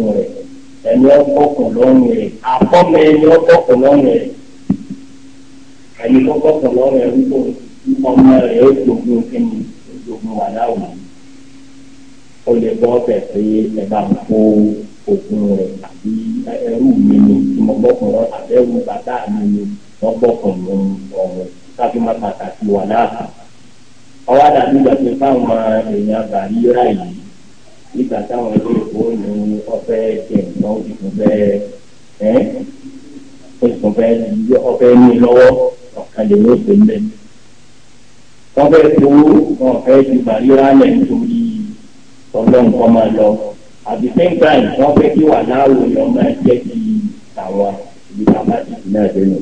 fún rẹ̀ ẹni ọgbọ́kùn lọ́rùn rẹ̀ àkọ́mọ ẹni ọgbọ́kùn lọ́rùn rẹ̀ ẹni ọgbọ́kùn lọ́rùn rẹ̀ wípé ọmọ rẹ̀ ó dogun kíni ó dogun wà láwùjọ o lè bọ́ ọbẹ̀ pé ẹ bá ń kó òkun rẹ̀ àbí ẹrú mi ni tí mo gbọ́kùn lọ àbí ẹrú bàbá mi ni wọ́n gbọ́kùn lọ pàtàkì wà láàbà ọwọ́ àdàbí ìgbà fáwọn èèyàn bàrí ráyìí nígbà táwọn ilé ìwò ní ọ̀fẹ́ jẹ nǹkan ó ti tún bẹ́ẹ̀ ẹ́ ó ti tún bẹ́ẹ̀ yọ ọ̀fẹ́ ní lọ́wọ́ ọ̀kan lè ní òfin bẹ́ẹ̀. wọ́n fẹ́ gbowó wọn fẹ́ ju bàríra lẹ̀ nítorí ọlọ́run kan máa lọ àbí sẹ́ńtà yìí fẹ́ kí wà láwùjọ yọ máa jẹ́ ti àwọn ibi bàbá ti fi náà dénú.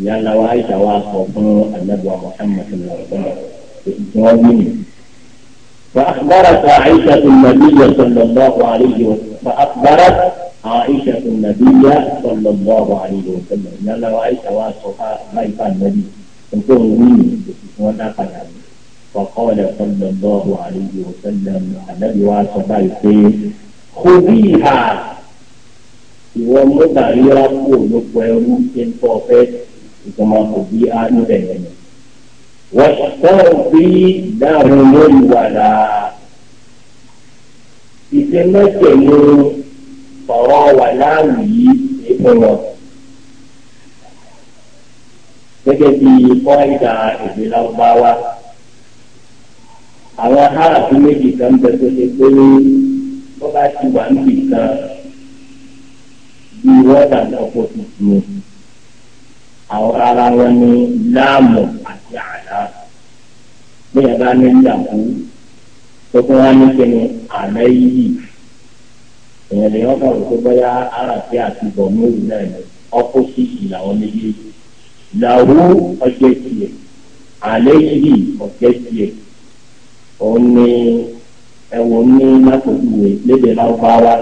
ìyá ńlá wa ìṣàwọ̀ àsọ̀ fún àdàbọ̀ àwọn sàmùsùn lọ́wọ́ فأخبرت عائشة النبي صلى الله عليه وسلم فأخبرت عائشة النبي صلى الله عليه وسلم إن الله عائشة وأصحاب غيب النبي انتم مين ونقل فقال صلى الله عليه وسلم النبي وأصحاب الخير خذيها ربه يرقون ويرقون فوقت كما خذيها نبينا wọ́pọ̀pọ̀ dáhùn lórí wàdà. ìṣẹ́mẹ́sẹ̀ ni ọ̀rọ̀ wà láàrú yìí ṣe fún wọn. gẹ́gẹ́ bí ikọ́ ìdá èdè lárúbáwá. àwọn aráàlú méjì kan bẹ tó ṣe pé wọ́n bá ti wà níbi kan bí wọ́n dàgbà ọkọ̀ tuntun àwọn ara wọn ní láàmù àti àlá bí ẹ bá ní ìyàwó tó fún wa ní kíni àlá yìí èèyàn lè yọkàn rò pé bóyá àràfẹ́ àti bọ̀mọ́rù náà ní ọ́pọ́sìtì làwọn méjèèjì làwọ ọjọ́ tiẹ̀ àlẹ́ yìí ọjọ́ tiẹ̀ òun ni ẹ̀wọ̀n ní lápòjúwe lédè lágbára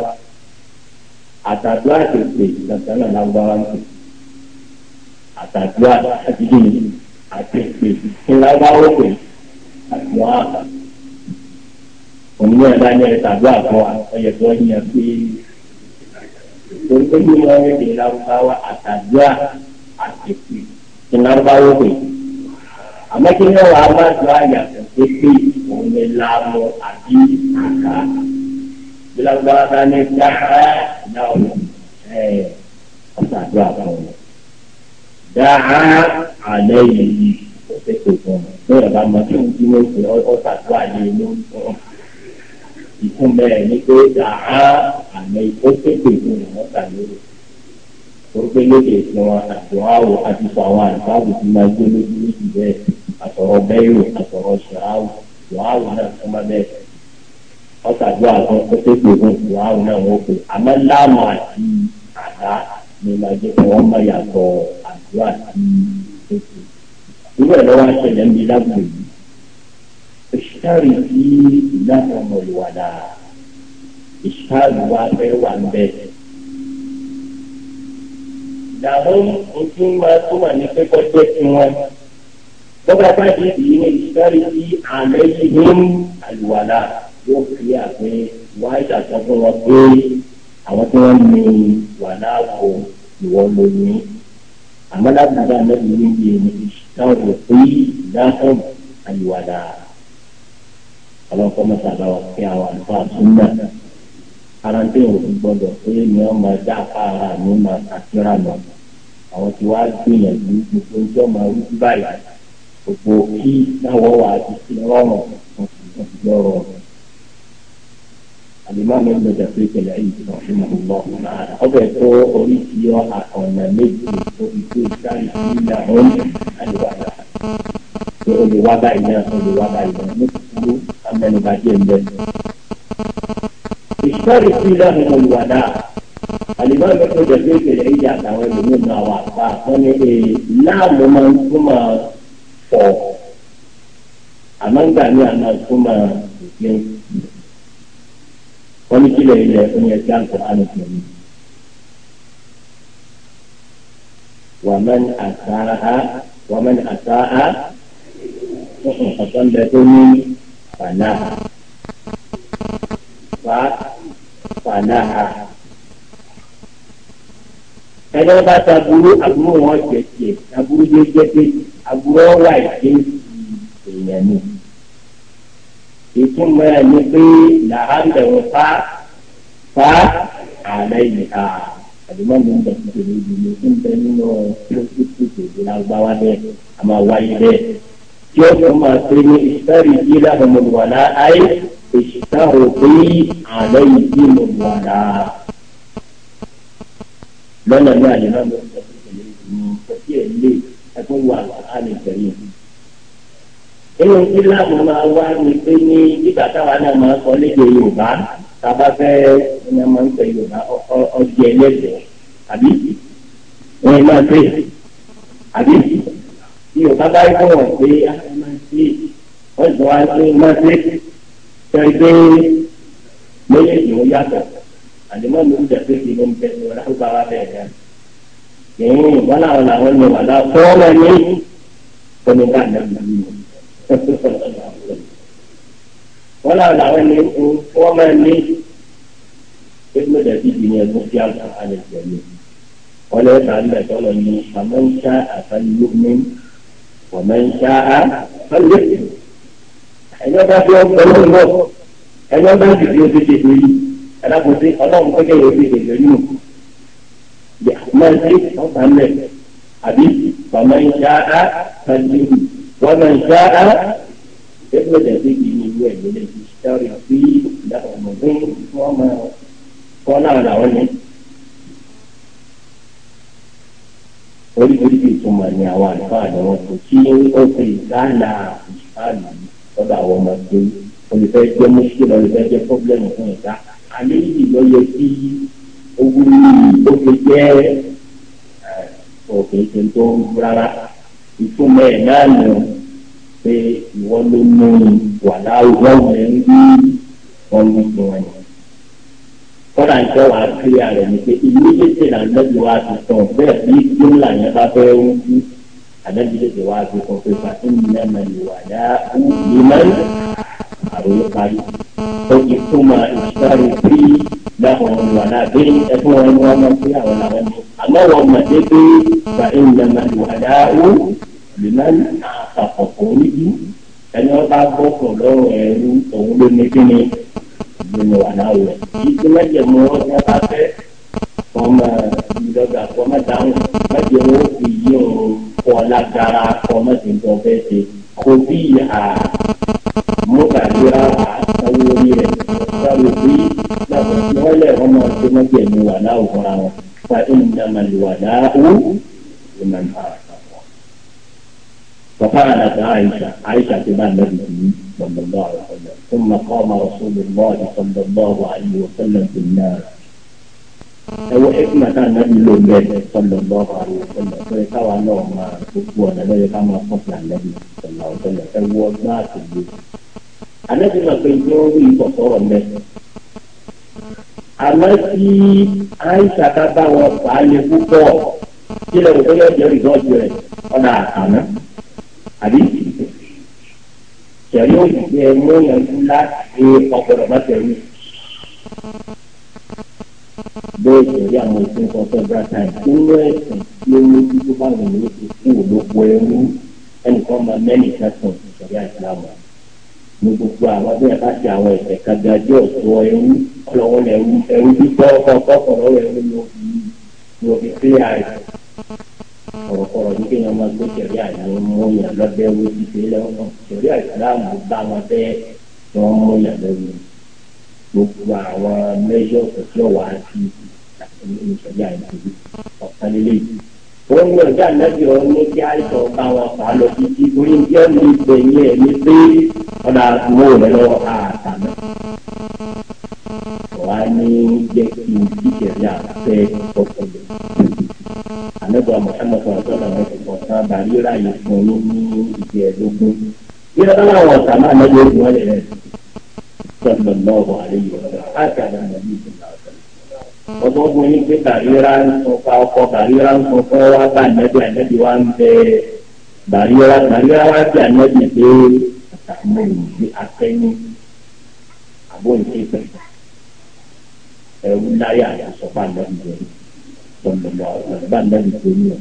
àtàdúrà tètè ìtàkùn náà lágbára tètè àtàdúrà àdídì ní àti ìpè ńláwáwó pè àti wọn àgbà. òmìnira bá ní ẹ̀ka àdúrà fún wa ọyẹ tó ń yẹ pé onígbèjì wọn ń lè àtàdúrà àti ìpè ńláwáwó pè. àmọ́ kí ni wàá bá dùn pé pé òun lè lárú àbí àká. bí lárúbáwá bá ní dáhà náà ọ̀sán àdúrà fún wọn dáhà àlẹ́ yìí ó tó fún ní ọ̀gá mọ kí wọ́n fi ọ́sà tó àyè ló ń tọ́ ìfún bẹ́ẹ̀ ni pé dáhà àlẹ́ yìí tó fún ọ ọ́sà lórí orúkọ lóde ìsìn wọn àti wọn àwọ àti fún àwọn àlùfáàbù tí máa gbé lójú méjì bẹ́ẹ̀ àtọ̀rọ̀ bẹ́ẹ̀rù àtọ̀rọ̀ ṣàáwù wọn àwọ náà tó máa bẹ́ẹ̀ ọ̀sàdúrà kan ó tó wọn àwọ náà wọn pè àmọ́ láàmú àti àdá ni màá jẹ́ kí wọ́n má yàtọ̀ ọ̀rọ̀ wà sí ètò ìwé lọ́wọ́ àṣẹlẹ̀ ń bi lágbo yìí ìṣàrì sí ìdáhùn ọmọ ìwàdà ìṣàrì wa fẹ́ wà ń bẹ̀. ìdààmú ojú máa tó wà ní pẹ́kọ́ jẹ́ kí wọ́n bọ́lá bá dé ìdí ní ìṣàrì sí àlẹ́ yìí ní àlùwàdà yóò fi àgbẹ̀ wá ìdàgbàsọ wọn pé àwọn tí wọ́n ní wàdà àpò ìwọ́n lónìí àmọ́ látàrí ànábì méjì ni táwọn rò pé dáhùn àyíwádà àwọn kọ́mọ́ sábà wà pé àwọn àlùfáà súnmọ́ ara ń tẹ̀wọ̀ fún gbọ́dọ̀ pé ni wọ́n máa dá apá ara mi máa kàkíra nà àwọn tí wàá gbìyànjú gbogbo ń jọ́ máa rújú báyìí gbogbo kí táwọn wà á ti sí lọ́rùn wọn kì í lọ́rùn alimami ọlọjà tó ìpẹlẹ ayé ti kàn fún mi lọ ọbẹ tó oríṣi ọ̀nà méje tó ìgbé ìsáyà nígbà wọn àdìwàdà tó olùwà báyìí náà olùwà báyìí náà ní kúrú amẹnubà díẹ̀ ńbẹ. ìsọ̀rí sí ìlànà olùwàdà alimami ọlọjà tó ìpẹlẹ ayé àtàwọn ẹlòmíràn náà wà pa wọn ni láàmú máa ń túmọ̀ fọ̀ àmọ́ ń gbà ní àná túmọ̀ ìgbẹ́ wọ́n ní kílẹ̀ ilẹ̀ fún ẹgbẹ́ àkùránì pẹ̀lú. wàmẹ́n àtàhà wàmẹ́n àtàhà fún ọ̀sán bẹ tó ní fànà fà fànà hà. ẹgbẹ́ bá ta burú àbúrò wọn jẹ tiẹ̀ aburú jẹ jẹ pé aburú ọ̀wà ìdí èèyàn ni ìtumọ̀ ẹ̀ ni pé làhálẹ̀ ń fa fa ààrẹ ìlẹ̀ka àdìmọ́ mi ń bẹ̀ tó tẹ̀lé ìdílé tó ń bẹ nínú kírísítì tèmi lágbáwá bẹ́ẹ̀ a máa wáyé bẹ́ẹ̀ tí ó tún máa pé ní ìsítárì yìí láwọn ọmọlúwàlá ayé ìsítárì pé ààrẹ ìdí ọmọlúwàlá lọ́nà ní àdìmọ́ mi ń bẹ̀ tó tẹ̀lé ìdílé tó tẹ̀lé ẹ̀kún wà wà á lè tẹ̀lé ìdílé nínú ìlànà máa wá ní pé ní ìgbà táwa náà máa sọ léde yorùbá tábà fẹ́ ẹni máa ń pè yorùbá ọdí ẹlẹ́dẹ̀ àbí ẹni máa pè àbí yorùbá bá yọ wọn pé ẹni máa pè wọ́n sọ wá pé máa pè sẹ́yìn pé méjèèjì ó yàtọ̀ àdìmọ́ mi ń dẹ̀pẹ́ kí ló ń bẹ ní ọ̀rá bá wa bẹ̀rẹ̀ rẹ̀ ẹ̀yìn ìwọ́n làwọn làwọn lọ wà láwọn fọ́ọ́mọ ní kọ́ni bá nàbí mi wọn náà làwọn ní wọn máa ní ẹgbẹ́ dàbí ìdílé ẹgbẹ́ tí a kà á lè tẹ̀lé wọn lè ta ń bẹ̀tọ́ lọ ní àmọ́ńṣá àfẹnulómi ọ̀mọ́ńṣá àfẹnulómi ẹni ọba tí wọn pẹ̀lú ọmọ ẹni ọba tí wọn ti ṣe lórí alákòóso Ọlọ́run kọjá yóò fi ṣe lórí nù yàtọ̀ máa ń ṣe ọ̀sán lẹ̀ àbí ọ̀mọ́ńṣá àfẹnulómi wọ́n máa ń ṣá á ẹgbẹ́ ìdàgbé yìí ní ìlú ẹ̀mí lè fi sáré àfi ọ̀nà pé wọ́n máa kọ́ náà làwọn ní. oríṣiríṣi ìtumọ̀ ni àwọn àlùfáà ni wọ́n kò tí ó fi ìdáàlà ìṣáàlù lọ́dọ̀ àwọn ọmọ pé olùfẹ́ jẹ́ mọ́ṣíkì lọ́lùfẹ́ ìtumọ̀ ẹ̀ náà nù pé ìwọ ló mú un wà láwùjọ rẹ̀ ń bí wọn mú un wọn. kọ́dà ń tẹ́ wàá kílíà rẹ̀ ni pé ilé tètè là ń lẹ́bi wá tuntun bẹ́ẹ̀ bí jumla yẹn bá fẹ́ ń kú àlẹ́bi tètè wá tuntun pé pàṣẹ mi náà mà lè wà dá ní mẹ́rin àròyé parí. ó ti túmọ̀ ìṣòro bíi lọ́kọ̀ wà láti ẹ̀fọ́ wọn ni wọ́n máa ń fi àwọn làwọn ni àmọ́ wọn mọ̀ dé pé bá ẹ̀ ń lọ máa lò wá dáwó lùmọ́n àpapọ̀ oníjú ẹni wọ́n bá gbọ́kọ̀ lọ́rọ̀ ẹ̀rú òun ló ní kíni ló wà láwọ̀ rẹ̀ ìdí mẹ́jẹ̀ mú wọn ní bá fẹ́ wọn máa ìdọ́gba kọ́ mẹ́ta wọn mẹ́jẹ̀ wọn ó fi yí òun kọ́ lágbára kọ́ mẹ́tìntàn fẹ́ ṣe kò bí à mọ́tà ìlera àtàwọn orí rẹ̀ sábà pé láti fi wọ́n lẹ̀ ọmọ tó wọ́n jẹ̀ ní wàhálà òkúra wọn fa ìnìyàn máa lè wàhálà ó lè máa nà àtàwọn. bàbá àdàtà àyíṣà àyíṣà ti bá nàbì yìí gbọ̀ngbọ̀ngbọ̀ àwọn ọ̀dọ̀ tó máa kọ́ ọmọ rọ̀ṣọ́lẹ̀ lọ́ọ̀dì gbọ̀ngbọ̀ngbọ̀ àwọn àyè òṣèlú ẹwọ ẹkùnà tá a nàbí ló ń bẹ sọlọ lọrọ àwọn ọsọlọ sọlẹ káwa náà máa gbogbo ọ̀nà lọ́yẹ ká máa fọ́ọ̀tì sọlọ ọsọlọ ẹwọ ọgbọ́n àtìgbò anabi ma pe ní orí ìkọ̀sọ̀rọ̀ mẹ́. àmọ́ tí àìsà ká bá wọn fà á lé púpọ̀ kí lè wọ́n yọ jẹ́rìí lọ́jọ́ rẹ̀ ọ̀nà àná àbí tẹ̀lé òyìnbó ẹ̀ mú ìyànjú láti ọ̀pọ̀lọpọ̀ bá tẹ̀lé. bẹ́ẹ̀ tẹ̀lé àwọn ìpín kọ́kọ́ bá táì nínú ẹ̀sìn tí ó ní títí báwọn ní oṣù kú òlóko ẹrú ẹnìkan máa mẹ́rin kẹsàn-án ìṣẹ̀lẹ̀ àìsàn àwọn ní gbogbo àwọn abẹ́rẹ́ bá ti àwọn ẹ̀sẹ̀ kan gajú ọ̀tọ̀ ẹrú ọlọ́wọ́ ẹrú ẹrú gbígbọ́ ọkọ̀ọ̀kọ̀rọ̀ ẹrú ni o fi kílíà rẹ̀ ọ̀rọ̀kọ̀rọ̀ ní kéèyàn máa gbé kẹ̀rí àyàn mú yàn lọ́bẹ̀ wo ti fi lẹ́wọ̀n kẹ̀rí àìsàlámù bá wọn bẹ́ ni wọ́n mú yàn lẹ́wọ̀n gbogbo àwọn mẹ́ṣọ̀ kò wá sí ìṣẹ̀lẹ̀ àìsàn ọ̀kan lélẹ́yìí wọ́n ní ọjà lẹ́bi ọ̀hún ní kí àìsàn ọba wọn fà lọ sí ti orí ní ọ̀nà ìgbẹ́ yẹn ní pé ọ̀dà mú rẹ̀ lọ àtàná. wàá ní jẹ́ kí n jíjẹ̀ ní àfẹ́ ọkùnrin. àlẹ́bọ̀ àmọ̀tẹ́mọ̀tẹ́ ọ̀sọ́dọ̀ wọn ti kọ̀ sán darí ráàyè fún yín ní ìdí ẹ̀dógún. bí ọ̀dọ́ làwọn ọ̀sán náà lẹ́yìn ogun ọ̀lẹ́rẹ̀ sọ̀tọ̀ náà wà lẹ́yìn ọ̀dọ̀ ọgbọ́gbọ́n ní pé kàríra ń sun ká ọkọ kàríra ń sun fún wa bá ànábì ànábì wa ń bẹ kàríra kàríra wa bí ànábì pé àtàwọn ìlú akẹ́yìn àbóǹtì pẹ̀lú ẹ̀rú láyé àyàsọ bá ànábì rẹ̀ tọ̀nbọ̀lọ̀ ọ̀rọ̀ bá ànábì tó ní ọ̀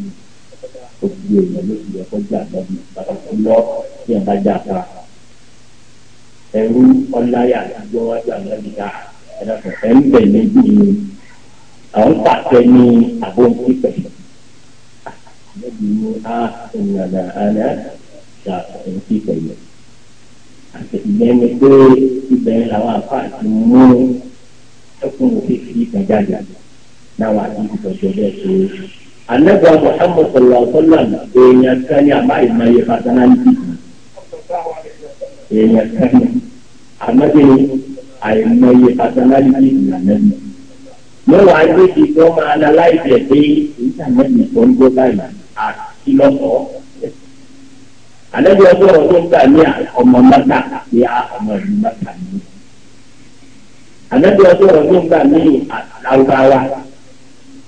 ojú èèyàn ló ti yẹ kó jẹ́ ànábì bàbá tó lọ bí ẹ̀ bá jà pa ẹ̀rú ọláyà àti ọwájú ànábì ká ẹ̀dá àwọn pàṣẹ ní àbóǹtìpẹ àbẹ̀bí ní a ìyànà àná ṣà òǹtìpẹ yẹn àti ìyẹn ni pé ibẹ̀ làwọn àpáàtì mú ẹkùn òfin fi ìtàn jáde náà wà ní ìtọ́jú anagba muhammed sallallahu alaihi wa sallam èèyàn kan ní àbáyé máa yẹ fatanaliti èèyàn kan ní àmọ́bìnrin àìmọye fatanaliti ìlànà yìí mẹ́wàá ẹgbẹ́ ti gbọ́ máa la láìpẹ́ pé nígbà náà ní ìfọ́n gbọ́ báyìí àti lọ́sọ̀ọ́. àlejò ọjọ́ ọ̀rọ̀ tó ń gbà ní ọmọ mẹ́ta ní ọmọ ìlú mẹ́ta ní. àlejò ọjọ́ ọ̀rọ̀ tó ń gbà ní àlùbáwá.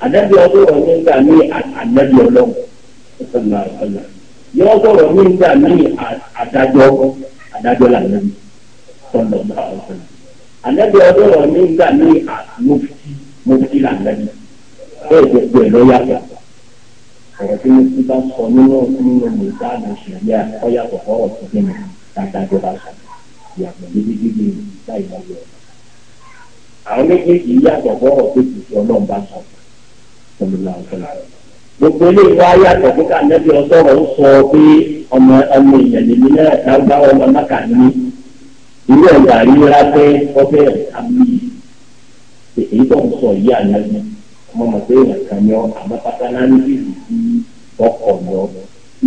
àlejò ọjọ́ ọ̀rọ̀ tó ń gbà ní àlejò ọlọ́run. yọ sọ̀rọ̀ ní gbà ní àdájọ́ àdájọ́ làlẹ́ mi. àlejò ọjọ́ ọ̀rọ̀ gbà ní àlùfù mo ti là nàbí bẹ́ẹ̀ gbogbo ẹ̀ lọ́yàtọ̀ ọ̀rọ̀ tí mo bá sọ nínú nínú mi sáàbù ṣàlẹ́ àkọ́yàtọ̀ ọ̀rọ̀ tó dé mi tàbí àjọba sọ ìyàtọ̀ níbi gbígbé mi láì àwọn méjèèjì yàtọ̀ ọ̀rọ̀ tó ti sọ náà bá sọ ọmọlá ọ̀sọ̀lá gbogbo eléyìí wá yàtọ̀ pé ká nẹ́bí ọ̀sọ̀rọ̀ ń sọ pé ọmọ ọmọ ìyẹ̀lẹ̀mí náà dáúgbà ọmọ mákà ní ilé ọ̀gá yìí rá pé ọbẹ̀ àmì èyí tó ń sọ yìí ànágbé ọmọ mọ̀ pé kan yọ àmọ́ ní ìlú sí ọkọ̀ lọ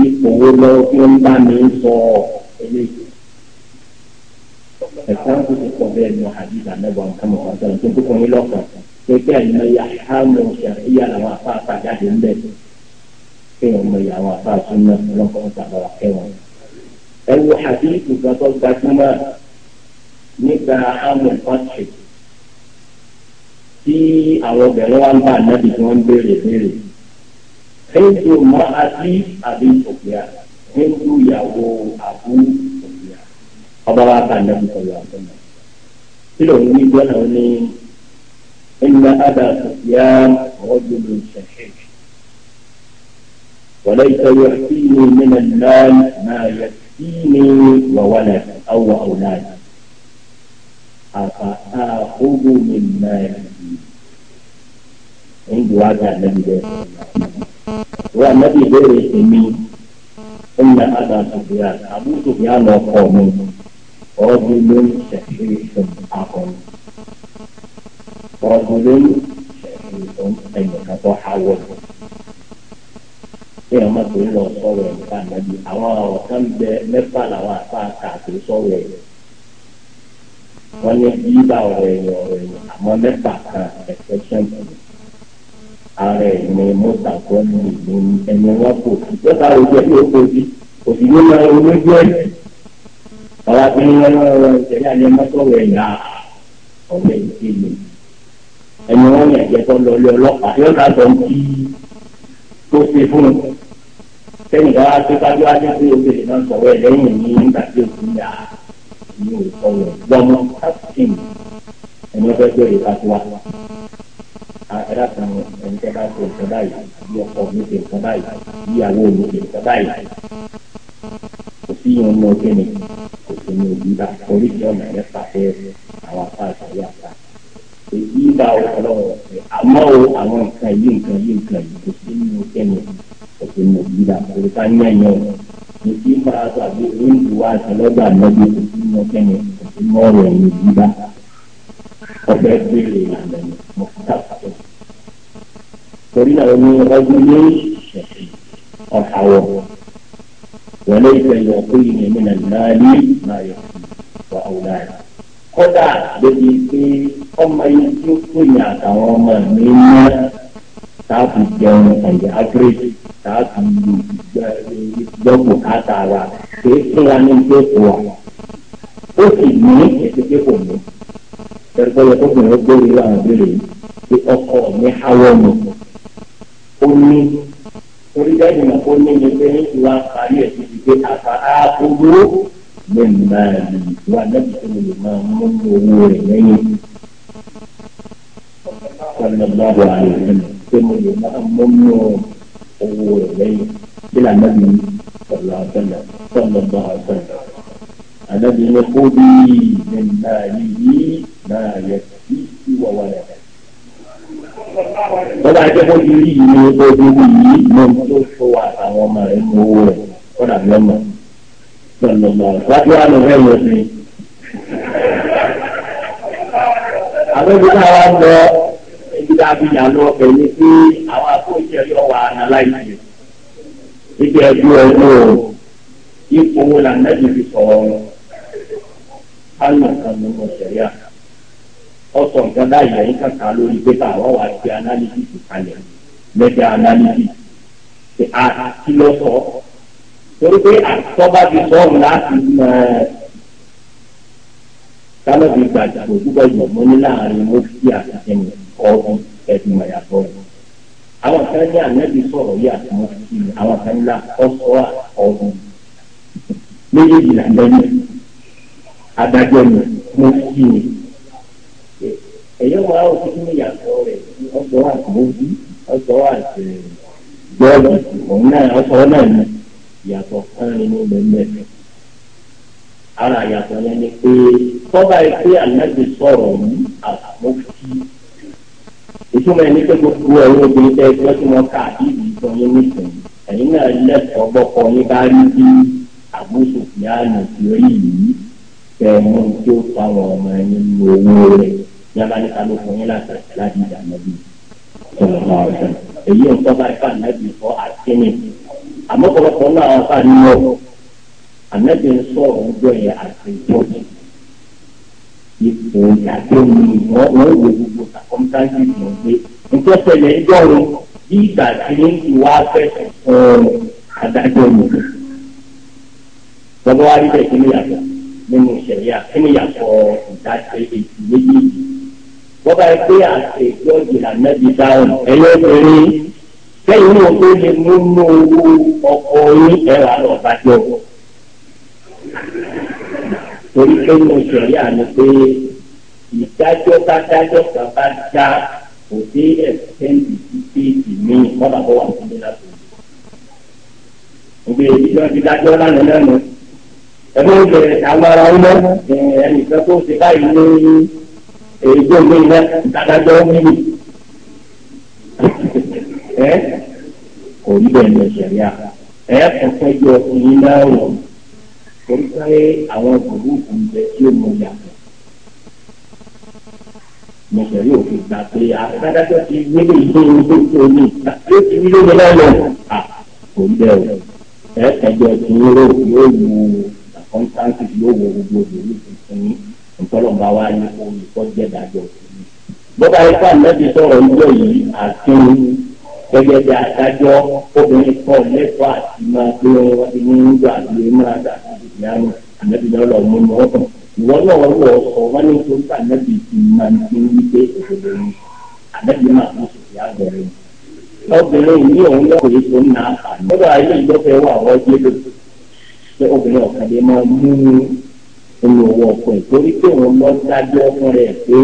ipò owó lọ́wọ́ tí wọ́n bá mi ń sọ eléyìí. ẹ̀sán tó ti pọ̀ bẹ́ẹ̀ ní àdìgbà mẹ́wàá nǹkan mọ̀ pátá tó kúkú ní lọ́kàn kéèké àyìnbó ya hàmù ṣàríyà làwọn afá àtàjáde ńbẹ kéèyàn mọ ìyá àwọn afá àtúnmọ̀ lọ́kọ̀ ọ̀tàbọ̀lá kẹwọn. ẹ wo àdìgbò gbàgbọ́ gbajúmọ̀ nígbà hàmù pàtàkì tí àwọn obìnrin wa ń bá ànábì tí wọ́n ń béèrè béèrè. Hindu Mọ́hásí àbí Sọ̀fìà Hindu ìyàwó Àbú Sọ̀fìà ọba wa bá ànábì sọ̀rọ̀ àtọ́nà. Kí ló ń wí gbọ́nà ó ní Inna Ada Sọ̀fìà ọ̀ọ́dún ló ń ṣẹ̀ṣẹ̀. وليس يحكيني من المال ما يكفيني وولد أو أولاد أفأخذ من مالي ń ju wá dá nàbí bẹ́ẹ̀ wọ́n nàbí bẹ́ẹ̀ èmi ń na àgbà sùfìyà àbú sùfìyà nà ọkọ mi ọdún ló ń ṣẹ̀fì fún akọ mi ọdún ló ń ṣẹ̀fì fún ẹnìkan tó háwọ́ mi èèyàn máa tó ń lọ sọ̀rọ̀ ẹ̀ nípa nàbí àwọn ọ̀kan bẹ mẹ́fà làwọn àfa àtàkùn sọ̀rọ̀ ẹ̀ wọ́n ní bí bá ọ̀rọ̀ ẹ̀yìn ọ̀rọ̀ ẹ̀yìn àmọ́ mẹ́fà kan ẹ̀fẹ́ ara ẹ̀ ní mọ́tà kan ní ìlú ẹni wọn kò lọ́tà òjò tí ó kojú òsì ló máa ń lójú ẹ̀ ọ̀la tí wọ́n lọ ṣẹlẹ̀ àti mọ́tò rẹ̀ yà ọ̀rẹ́ ìdílé ẹni wọn yàn jẹ́ kó lọ lé ọlọ́pàá yóò ká sọ kí tó ṣe fún un sẹ́yìn ká tó kájú ajá pé obìnrin náà sọ̀rọ̀ ẹ̀ lẹ́yìn ní nígbà tí òkú yà ní òkú ọ̀rọ̀ gbọ́mọ káàkiri ẹni wọ́n fẹ́ gbé ìfàkùwà ẹ̀rọ kan ẹ̀ńtẹ́ bá ṣe nǹkan báyìí bí ọkọ mi ṣe nǹkan báyìí bí ìyàwó mi ṣe nǹkan báyìí kò sí yan mọ kíni kò sí ní òbí bá oríṣi ọ̀nà rẹ̀ pàṣẹ àwọn apá àtàwọn apá èyí bá ọlọ́run ọ̀sẹ̀ àmọ́ o àwọn nǹkan yìí nǹkan yìí nǹkan yìí kò sí ní kíni kò sí ní òbí bá orí ká ní ẹ̀yàn kò sí máa sọ àbí oríṣi wa àtàlọ́gbà lọ́dún kò sí ní kíni kò sí ní ọ̀rọ̀ ẹ̀yìn òbí bá ọ̀fẹ́ gbélé ìlànà mọ̀kútàkù torí náà ní ọdún ní ọ̀hàwọ̀ wọlé ìfẹ̀yọ̀ fún ìyẹn nínú ìnáàlì máa yọ wà ọ̀la rẹ̀. kódà débi pé ọmọ yìí tó kúnyà àtàwọn ọmọ mi ná táàbù jẹun ẹ̀yà ágírẹ́sì táàbù gbọ́gbọ́ kátàrà pé fún wa ní pé kò wà. ó sì ní ẹ̀sìn pé kò mú. ẹ̀rọ yẹ kó kùnrin ó gbórí àwọn ìbéèrè yìí pé ọkọ mi háwọ́ mi kù ó ní orílẹ̀-èdè náà ó ní ní pé ní ìwà àkàrí ẹ̀ ti di pé àkà àkókò lè má lè wà lẹ́bi tó lè máa mú owó rẹ̀ lẹ́yìn. Sọlọ́láwọ̀ àìsàn tó lè máa mú owó rẹ̀ lẹ́yìn. Bí lànàbí sọ̀rọ̀ àbẹ̀lẹ̀ sọ̀lọ́láwọ̀ àbẹ̀lẹ̀. Ànàbí ni kó bí lè máa yí máa yẹ kí ìwà wà lẹ́yìn lọ́dà jẹ́ kó ti rí ìlú tó yìí ló ń tó so àtàwọn ọmọ rẹ̀ ní owó rẹ̀ kọ́dà lọ́mọ lọ́mọ wájú wa lọ fẹ́ lọ sí i. lọ ibi tá lọ pẹ̀lú pé àwọn akóyè yọ wà á nà láìsí. ibi ẹjọ́ o ipò wo là ń fi sọ̀rọ̀ lọ. alùpùpù ló ń bọ̀ sẹ́yà ọsọ nǹkan báyìí ẹ̀yìn kankan lórí pé táwọn wà ṣe analysis kalẹ̀ mẹ́ta analysis ṣe àti lọ sọ torí pé àtọ́ba ti sọ ọ̀hún láti mọ ẹ kálọ̀bì gbàgbà òjúbọ̀ yọ̀ mọ́ ní láàrin mọ́fí àtẹ̀yìn ọ̀hún ẹ̀dùn ẹ̀yàtọ̀ rẹ̀ àwọn kan ní ànábì sọ̀rọ̀ yìí àti mọ́fí àwọn kan ní ọ̀sọ́ ọ̀hún méjèèjì làǹdẹ́ni adájọ́ ni mọ́fí ni èyí wà ó fi kíni yàtọ̀ rẹ̀ ọgbọ́n àtòwójú ọgbọ́n àti gbọ́ọ̀lù òun náà ọgbọ́n náà ni yàtọ̀ kan nínú mẹ́mẹ́. ara yàtọ̀ yẹn ni pé tọ́ba ìpè ànágbè sọ̀rọ̀ ní àmófì ìtumọ̀ ẹni pé gbogbo ẹ̀rọ obìnrin tẹ́ ẹgbẹ́ tí wọ́n kà bí ìtọ́ yín nìkan ẹ̀yin náà lẹ́tọ̀ọ́ bọ́kọ yín bá rí bí àbúṣòfìyàn ti rí yìí kẹ́ mú kí ó táwọn ọmọ ẹni ní owó rẹ̀ yàrá ní ká ló fún yín láti ẹ̀sẹ̀ láti ìjà nàbí ọ̀nà ọ̀sẹ̀ èyí ń tọ́ báyìí fún ànábì fọ́ àtìní àmọ́ pọ̀lọpọ̀ náà wọ́n fà ní ọ̀rọ̀ ànábì ń sọ̀rọ̀ ń gbọ́ yẹn àti ìjọ́jì ipò ìyàgbé ni wọ́n wò gbogbo sàkọ́mtáǹtì mọ̀ pé nítorí ṣẹlẹ̀ ń dọ̀rọ̀ bí ìgbà tí ń ti wá fẹ̀sẹ̀ fún adájọ́ mi. Bọ́lá bẹ́ẹ̀ kí ni yàtọ̀ nínú ìṣẹ̀lẹ̀ àti ní yàtọ̀ ìdájọ́ èyí méjèèjì bọ́ba yẹ pé àti ìjọ ìlànà ti dáhùn ẹ̀yọ́ obìnrin kẹ́yìn ní òkú lè mú nú owó ọkọ̀ yín ẹ̀rọ àlọ́ ọ̀bájọ́ torí pé mo sọ̀rọ̀ àná pé ìdájọ́ bá dájọ́ kan bá dá kò dé ẹ̀sìtẹ́ǹtì títí ìmí bọ́ba bọ́ wà fún mi láti ìjọ ti dájọ́ lánàá lẹ́nu ẹ̀fọ́ ìbẹ̀rẹ̀ àwọn ará ọmọ ẹ̀ẹ́dẹ̀ẹ́dẹ́ tó ṣe báyìí ní èyí tó ní iná dáadájọ́ ń mí ẹ kò rí bẹ́ẹ̀ lọ sẹ̀rí à ẹ kọ̀kẹ́ yọ ọkùnrin náà wọ̀ torí pé àwọn gbòógùn ń bẹ tí ó mọ yàtọ̀ mo sẹ̀rí òfin gbà pé àdájọ́ ti wílé ìlú ojú tó ní yóò ti wílé mi náà lọ à kò rí bẹ́ẹ̀ o ẹ kẹjọ tí ó yóò wù àkọ́ńtáǹtì yóò wọ gbogbo òdòdó tuntun yìí ntọ́lọ́mọba wa ní olùkọ́ jẹ́ dájọ́. bọ́ba ikú ànábì sọ̀rọ̀ ńjọ yìí àtún gẹ́gẹ́ bí adájọ́ obìnrin kọ́ lẹ́kọ̀ọ́ àti máa gbé wọn ní nígbà àti máa dà ìyáàmù ànábì náà lọ mú wọn tán. ìwọ náà wọ́n wọ̀ ọ́ wọ́n ní kó nípa ànábì ti máa ti ń wípé òdodo ni ànábì máa kó sùn yá bẹ̀rẹ̀ ni. yìí òun náà kò yẹ kó ná àná. bọ́ba ayé ìjọba wà wọ́n yé nínú owó ọkọ ẹ̀ torí pé òun lọ dájọ́ fún rẹ̀ pé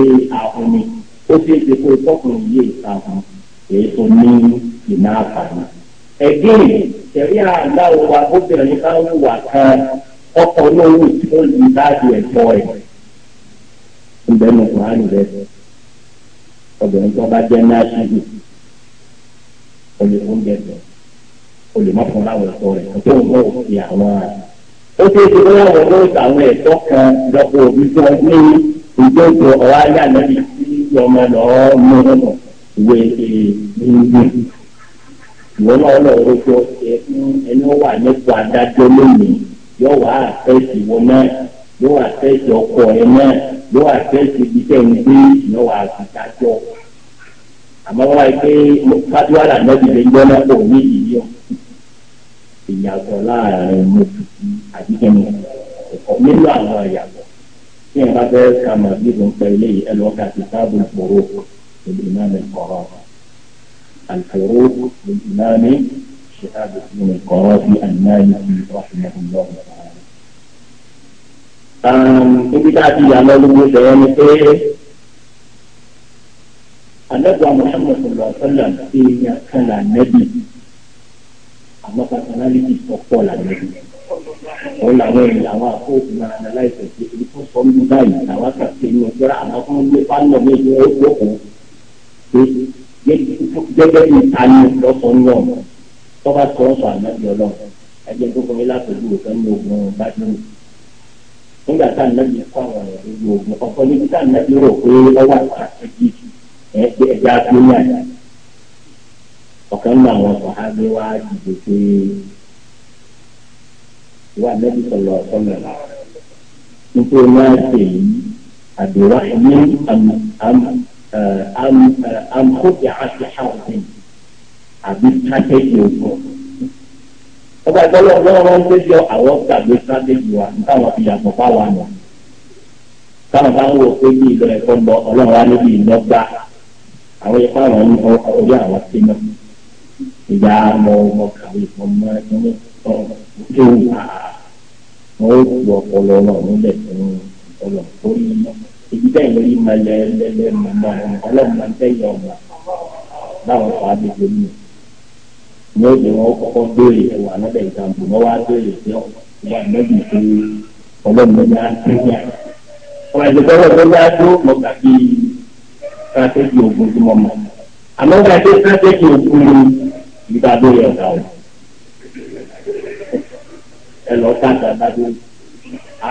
àwọn ni ó ṣe é ṣe pé tọkùnrin yìí ìtàkùn èyí tó ní ìná àfààní. ẹ̀gbìn ìṣẹ̀rí àdáwọ̀ wa obìnrin bá ń wà kan ọkọ̀ lówó tí ó lè dájú ẹ̀tọ́ ẹ̀. ǹbẹ́ mi kò á nì rẹ̀ obìnrin tó bá jẹ́ náà ṣáájú olè oúnjẹ bẹ̀ olè má fún láwọn ẹ̀tọ́ rẹ̀ tó ń bọ̀ àwọn àti ó ṣe é ṣe bóyá wọn yóò ṣàwọn ẹ̀tọ́ kan lọ́pọ̀ òbí ní ìjọ́jọ ọ̀rá ní ànábì tí ọmọ lọ́ọ́ mú lọ́nà ìwé ìlú ìwọ náà lọ rọjò ẹni wà nípò adájọ́ lónìí yóò wá àfẹ́sì wọn náà yóò wá àfẹ́sì ọkọ ẹ náà yóò wá àfẹ́sì ibi tẹ̀ ń yóò wá àfẹ́sì àjọ àmọ́ wáyé pé fatiwa làǹdọ́bì lè gbọ́ náà kò ní ìyí o. ìyàtọ̀ láàrin mùsùlùmí àti kẹ́mi ẹ̀kọ́ nínú àwọn àyàtọ̀ tí ẹ̀ bá fẹ́ ka màá bí kò ń pẹ́ ilé yìí ẹlọ́ ka kìtàbù ìfòró ìdìmọ̀ mi kọ̀rọ̀ àlùfòró ìdìmọ̀ mi kìtàbù ìfòró kọ̀rọ̀ sí àníyàn ti rọ̀ṣùnà ìlọ́wọ́. ibi tá a ti yà lọ lóko sẹ́yìn ni pé àlẹ́ bá Muhammadu sallallahu alaihi wa sallam ti yàn kan là nẹ́bí. àmọ́ personality tó pọ̀ lànàbí ó làwọn èèyàn àwọn àkóòtù náà analyse ṣe ibi tó sọ nínú báyìí làwọn kàṣe ní ọjọ́ àwọn kan gbé pálọ̀ méjì ó gbókòó gẹ́gẹ́ bí ìtàní lọ́sọ̀ náà tọ́ba tó ń sọ ànábì ọlọ́run ẹgbẹ́ tó kọ́ mi látọ̀jú òkan ní ogun bájú nígbà tá ànábì kọ́ àwọn ọ̀rọ̀ lórí ogun ọ̀pọ̀ níbi tá ànábì rò pé ọwọ́ àtàkùn ọ̀kan náà àwọn sàhábí wá dìde pé wà nẹ́bí sọ̀rọ̀ ọ̀sọ́nà rà nítorí wọ́n á ṣe yìí àdúrà ní àmkókè àti àwòrán àbí strategy ọ̀gbọ́n. ọba ìtọ́lọ́ ọlọ́run wọn ń gbé jọ àwọn gbàgbé strategy wa nítawọn fi yàtọ̀ fáwọn àná táwọn bá ń wò pé bí ìlọ ẹ̀kọ́ lọ ọlọ́run wa níbi ìlọ gbá àwọn ìpá àwọn àwọn sí náà ìyá ọmọ ọmọ kàwé ọmọ ẹni tó wà wọn ó tu ọpọlọ náà nílẹ̀ fún ọpọlọ tó ní ibi bẹ́ẹ̀ lórí máa lẹ lẹ́lẹ́ màmá ọlọ́run máa ń ọmọ báwọn fà á dédé nù ní òde wọn kọ́kọ́ béèrè ẹwà lọ́dẹ̀ ìdàgbò wọn wá béèrè pé wà lọ́dún tó ọlọ́run lọ́dún á ọmọ ìdìbò ọlọ́run lọ́dún á tó mọ̀ gbàgbé strategy ogun tí mo mọ̀ àmọ́ gbàgbé strategy ogun mi nígbà tó yẹ ọ̀gá o ẹ lọ ká dàda tó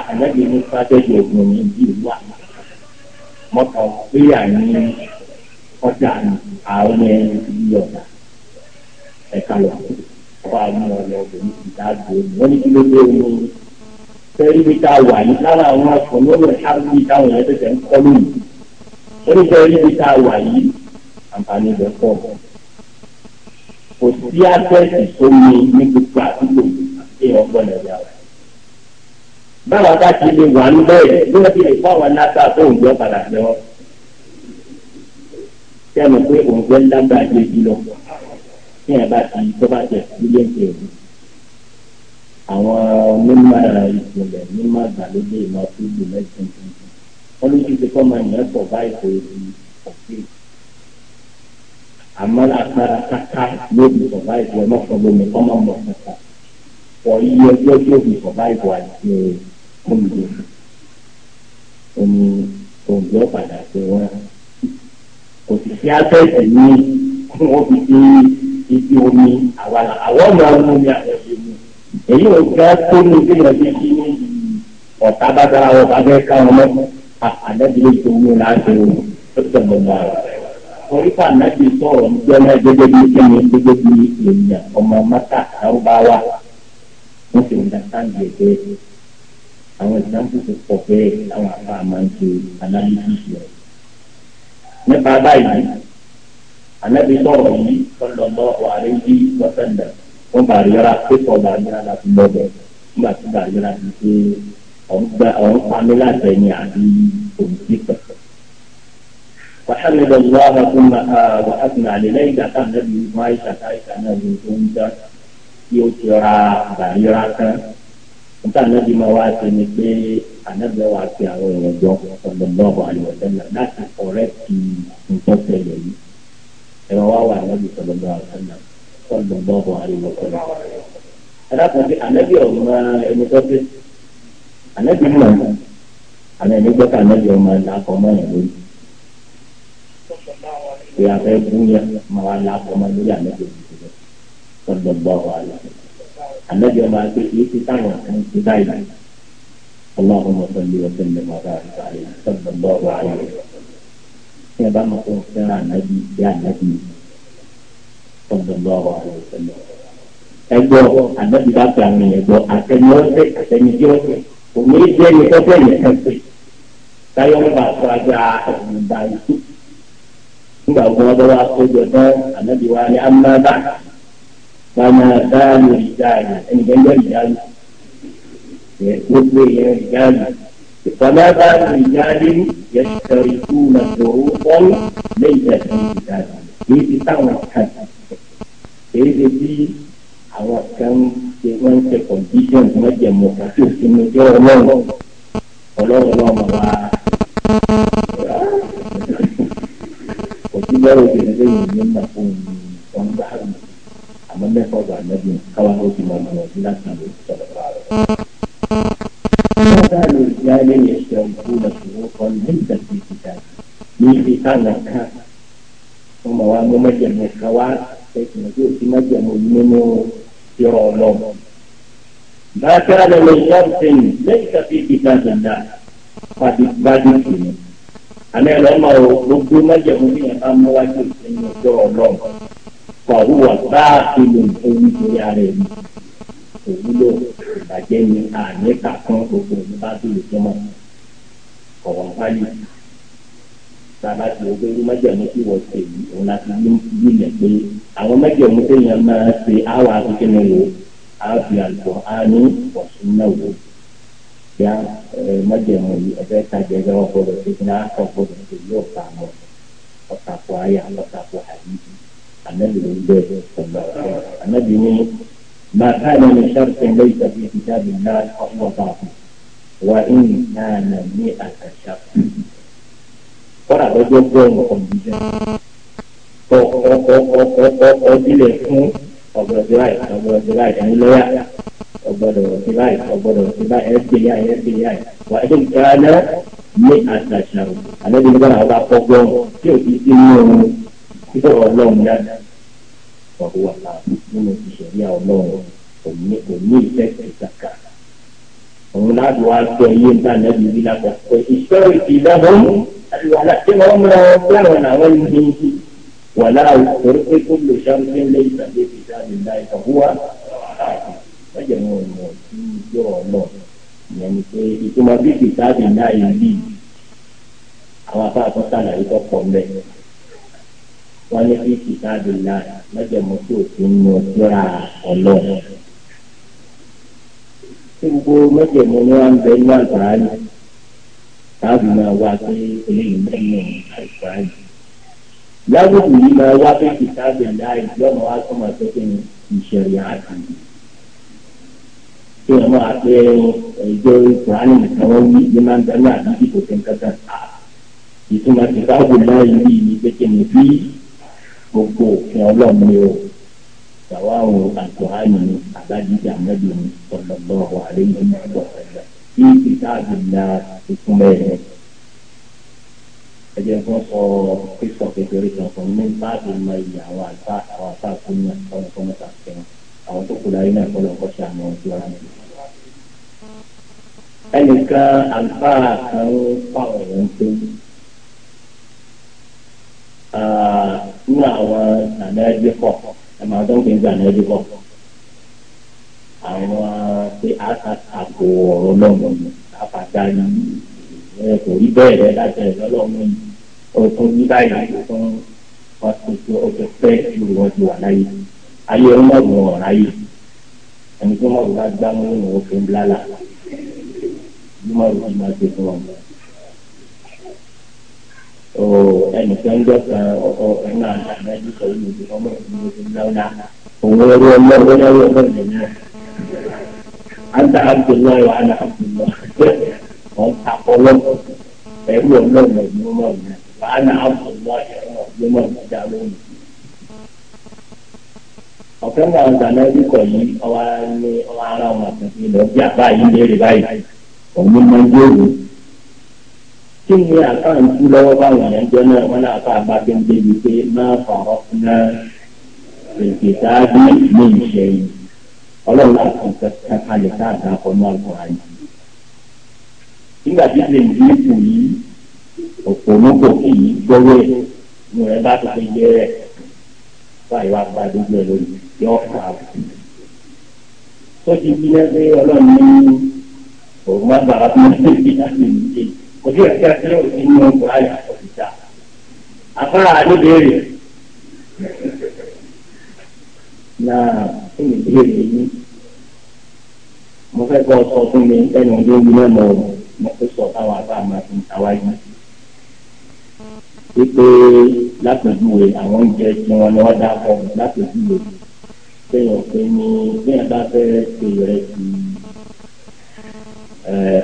àlẹ́bí ní sátẹ́jì ògùn ní ìdí ìlú àná mọ́tò péyà ní ọjà àwọn ìlú ọ̀gá ẹ̀ka lọ kọ́ àwọn ọ̀rọ̀ ọ̀gbìn ìdájọ́ wọn ní kí ló dé omi fẹ́rí bí ká wà yìí lára àwọn ọkọ̀ lọ́wọ́ ìhábí táwọn yẹn tẹ̀sẹ̀ ń kọ́ lónìí wọ́n ní fẹ́rí bí ká wà yìí àǹfààní rẹ̀ pọ̀ kò sí àtẹ̀sí tó ní ní gbogbo àdúgbò àti ọgbọ́n ẹ̀yà rẹ̀. báwa bá ti lè wà ń bẹ́ẹ̀ bí wọ́n ti lè fọ́ àwọn alága tó ń gbọ́ padà lọ. tí a mọ̀ pé òun lágbàá yé jù lọ a bá ti tó bá jẹ sílé ìpè òun. àwọn mímọ ìpìlẹ̀ mímọ ìgbàlódé ìmọ̀ fúdù mẹ́sìn tuntun wọ́n ló ti kọ́ máa yẹn pọ̀ báyìí kò àmọ́ àtàrà kàkà yóò fi survive ọmọ fọlọ́mi ọmọ mọ̀ kàkà wọ́n yí ọjọ́ yóò fi survive àti kọ́mìlì omi òǹdó padà sí wọn kò sì sí afẹ́fẹ́ ní wọ́n fi dé ibi omi àwọn ọmọ ọmọ mi àwọn ọmọ mi èyí ò gbà tó ní bí wọ́n fi kí ní ọ̀tá bá dára wọn bá ká wọn mọ́ àdébílẹ̀ tó wúlò láti wọn tó tẹ̀ àforíkà nàbì sọ̀rọ̀ níjọ́ náà gẹ́gẹ́ bí kíni gẹ́gẹ́ bí èèyàn ọmọ mẹ́ta àrùbáwá wọ́n ti ń dàtàǹdì ẹ̀fẹ́ àwọn ìdáǹkù tó pọ̀ bẹ́ẹ̀ láwọn afá máa ń ṣe analysis rẹ̀. nípa báyìí ànábì sọ̀rọ̀ yìí sọ̀lọ́lọ́ ọ̀hárẹ́ yìí wọ́sẹ̀ndẹ̀ wọ́n bàrí yára pé sọ̀ bàrí yára láti lọ bẹ̀ nígbà tí bàrí yára ti ṣe ọ̀hún pa mi láti ẹ̀yìn àbí òun ti وحمد الله ثم آه وأثنى عليه كان النبي عائشة عائشة النبي كنت يوتيرا بعيرا nǹkan anábì máa wá sí ni pé anábì wa pe àwọn èèyàn jọ sallallahu alaihi wasallam láti ọ̀rẹ́ ti nǹkan tẹ̀lé yìí ẹ̀rọ wa wà anábì sallallahu alaihi wasallam sallallahu alaihi wasallam. adákan bí anábì ọ̀hún máa ẹni tó dé anábì mọ̀ àmì ẹni gbọ́dọ̀ anábì ọ̀hún máa lakọ̀ mọ́ ẹ̀ lórí pé abẹ́ búyẹ máa wá itu ọmọ lórí àlejò ìṣẹ̀lẹ̀ tọ́jọ́ gbọ́ wa lọ. àlejò ọba pé kìí ti táwọn kan ti báyìí. اللهم صل وسلم وبارك عليه صلى الله عليه وسلم. يا بابا يا نبي يا نبي صلى الله عليه وسلم. ẹgbọ́ ànábi bá gba àwọn èèyàn gbọ́ àtẹni ọ̀sẹ̀ àtẹni tí ọ̀sẹ̀ òun yé jẹ́ ẹni tọ́jú ẹ̀yẹ kan pé nígbà tó wọ́n wá kójọ tán ànábì wa ni amábà bàmà dáàlù ìdáàlù ẹnìkan jẹ́ ìdáàlù gbogbo èèyàn ìdáàlù ìfọdà dáàlù ìdáàlù yẹn sọ̀rọ̀ ikú nàdòrò wọn lẹ́yìn ẹ̀sìn ìdáàlù kì í ti táwọn kan kì í ti bí àwọn kan ṣe wọ́n ń ṣe kọ̀ǹdíṣọ̀n tí wọ́n jẹ mọ̀ kàtí òfin mi ọlọ́run ọlọ́run náà mọ̀ wá. وكيلو بينزل من نقوم من بحر عمل لي فوضى النبي كما هو في مرمى وزيلا كان يتصدق على كانوا رجالا يشتركون شروطا ليست في كتاب من ختان كان ثم وامو مجر من الخوار كيف نقول في مجر منه يرولون ما كان من شرط ليس في كتاب الله قد قد àmì ẹ̀rọ ọmọ o gbogbo májèmú ní ẹ̀ka mú wájú ìsinmi ọjọ́ ọlọ́run kọ̀ọ̀hún wà báà fi lè orí torí ara ẹ̀ mi òwúlò ìbàjẹ́ ni àmì kàkán gbogbo ní bá tó lè jọmọ́ ọ̀wọ́n wáyé bàbá tí o gbẹ́rú májèmú tí wọ́n ṣe yìí òun láti yí ilẹ̀ pé àwọn májèmú téèyàn máa ṣe àwọn akékeré wo àwọn fi àlùkò àánú ọ̀sùn náà wò bí a mọ̀jẹ̀mú yìí ẹ̀fẹ́ tajà ẹ̀fẹ́ wọn gbọdọ̀ ṣe kí náà kàn gbọdọ̀ ṣe yóò fà mọ́ ọ̀tàpọ̀ ayé ọ̀tàpọ̀ àyíjì ànábì ló ń bẹ̀ sọ̀rọ̀ ànábì ní màkà ní ní sàrfẹ̀ lẹ́yìn tàbí ìfìjà mi náà ọ̀pọ̀ bá a wà ìní náà nà ní àtàṣà kọ́ra lọ́jọ́ gbọ́ọ̀mù kọ̀m̀pútà ọ̀ọ́dílẹ̀ fún ọ̀gbọ̀dọ̀ ọgbọ́dọ̀ sí báyìí ọgbọ́dọ̀ sí báyìí ẹ ṣe yá ẹ ṣe yá ẹ wà ẹ dẹ́n gánà ní àṣàṣà o àlẹ́bí nígbà náà bá kọ́gbọ́ tí o ti sínú ọ̀run títọ̀ ọlọ́run dáadáa wà ó wà láàbù nínú ìṣẹ̀lẹ̀ ọlọ́run òní òní ìfẹ́ kìtàkà òun láti wá sọ iye nígbà náà bíbí lápá pé ìṣòro ti dábọ̀ àti wàhálà tí wọ́n múra wọn fẹ́ràn àwọn ìlú ولا يفرق كل شر ليس بكتاب الله فهو آثم lọ́jọ́ wọn ò mọ̀ sí ìjọ ọ̀nà ìyẹn ni pé ìtumọ̀ bí kìtàbí náà yìí lì àwọn afáàtọ́ sàlàyé tó pọ̀ mbẹ́ wọ́n ní bí kìtàbí náà lọ́jọ́ mọ̀ sí òfin ní ọjọ́ra ọlọ́run tí gbogbo mọ́jẹ̀mú ni wọ́n ń bẹ ní àgbáyé táàbù máa wá pé eléyìí mẹ́rin àgbáyé láwùjọ yìí máa wá pé kìtàbí náà ìjọba wa tó máa tó kéwìn ìṣẹ̀lẹ̀ àtìlẹ́yìn kí wọn máa pé ẹjọ́ ìkùránì nìkan wọn wí ní máa ń dáná àdúgbò kò tẹ̀ kankan ta ìtumọ̀ ti káwọ́ láàyè yìí ni pé kí ni bí gbogbo òfin ọlọ́run ni o sàwáwò àkùránì ni àbájídé àmọ́bí ni ọ̀lọ́gbọ́n wà lẹ́yìn ìgbọ̀ kí ìtàgé ńlá tuntun mẹ́rin ẹjẹ kan sọ kékeré kan fún mi báàgì mọ iye àwọn àgbà àwọn àgbà kúnyà ọ̀rọ̀ àwọn tó kú láyé náà kọ́ lọ́kọ́ sí àwọn ojú ara mi. ẹnìkan àlùfáà kan ń fáwọn èèyàn tó nínú àwọn ànájú kọ̀ ẹ máa tó ń gbé ànájú kọ̀ àwọn pé àkàtàkò ọ̀rọ̀ lọ́mọ ni àpàdánù ẹ kò rí bẹ́ẹ̀ rẹ láti ẹ̀ lọ́mọ yìí ọ̀tún ní báyìí ọ̀tún wọn ti tó ọjọ́ pẹ́ẹ́ ju wọn ti wà láyé ayé ọmọdún ọ̀rá yìí ẹni tí wọn bá gbá mú nínú òfin bláàlà bí wọn bá máa ṣe fún wọn. o ẹnìkan jọ kan ọkọ ẹnà àgbájú sọ̀rọ̀ lòdì ọmọ ìlú òfin bláàlà òun ẹrú ọlọ́gbọ́n ẹrú ọlọ́gbọ́n ẹ̀mí ẹ̀. anta abdullahi wa ana abdullahi wọn takọ lọ́wọ́ ẹrú ọlọ́gbọ́n ẹ̀mí ọmọ ìlú wa ana abdullahi ẹ̀rọ ọ̀gbọ́n ẹ̀mí ọmọ ìlú ọ̀kan náà ń gbàná ẹbí kọ̀ yìí ọwọ́ ní ọwọ́ ara wọn àtàkì ilẹ̀ ọbí àbá yìí léèrè báyìí òun máa ń gbòòrò. kí ni àkáǹtì lọ́wọ́ báwọn yẹn jẹ́ náà wọn náà fà bá ń débi pé máa fọ̀rọ̀ fún náà ètò ní ìṣe yìí ọlọ́run náà kàn kẹ́kẹ́ kalẹ̀ káàkiri àkọ́nú àgbọ̀n àyè. nígbà tí ilé ìdílé kù yìí òpònúkò fa ìwà gbàdúgbò ẹ lórí yọ fà á. tó ti fi lẹ́sẹ̀ ọlọ́run ní òun má bàbá tó ń tẹ̀lé láti ní ṣe kò sí ẹ̀ka tí ó ti ní ọgbà àyà ọ̀sìta. afárá àdébẹ̀rẹ̀ náà kí ni ìbéèrè yìí mo fẹ́ kọ́ ọ sọ fún mi ẹnu ọdún yìí lẹ́nu ọ̀rọ̀ mo fẹ́ sọ táwọn àbá máa fi ń tàwa yìí wípé látọ̀júwe àwọn oúnjẹ tí wọ́n ní wọ́n dá fún un látọ̀júwe kéèyàn pé ní kéèyàn bá fẹ́ ṣe ìrẹsì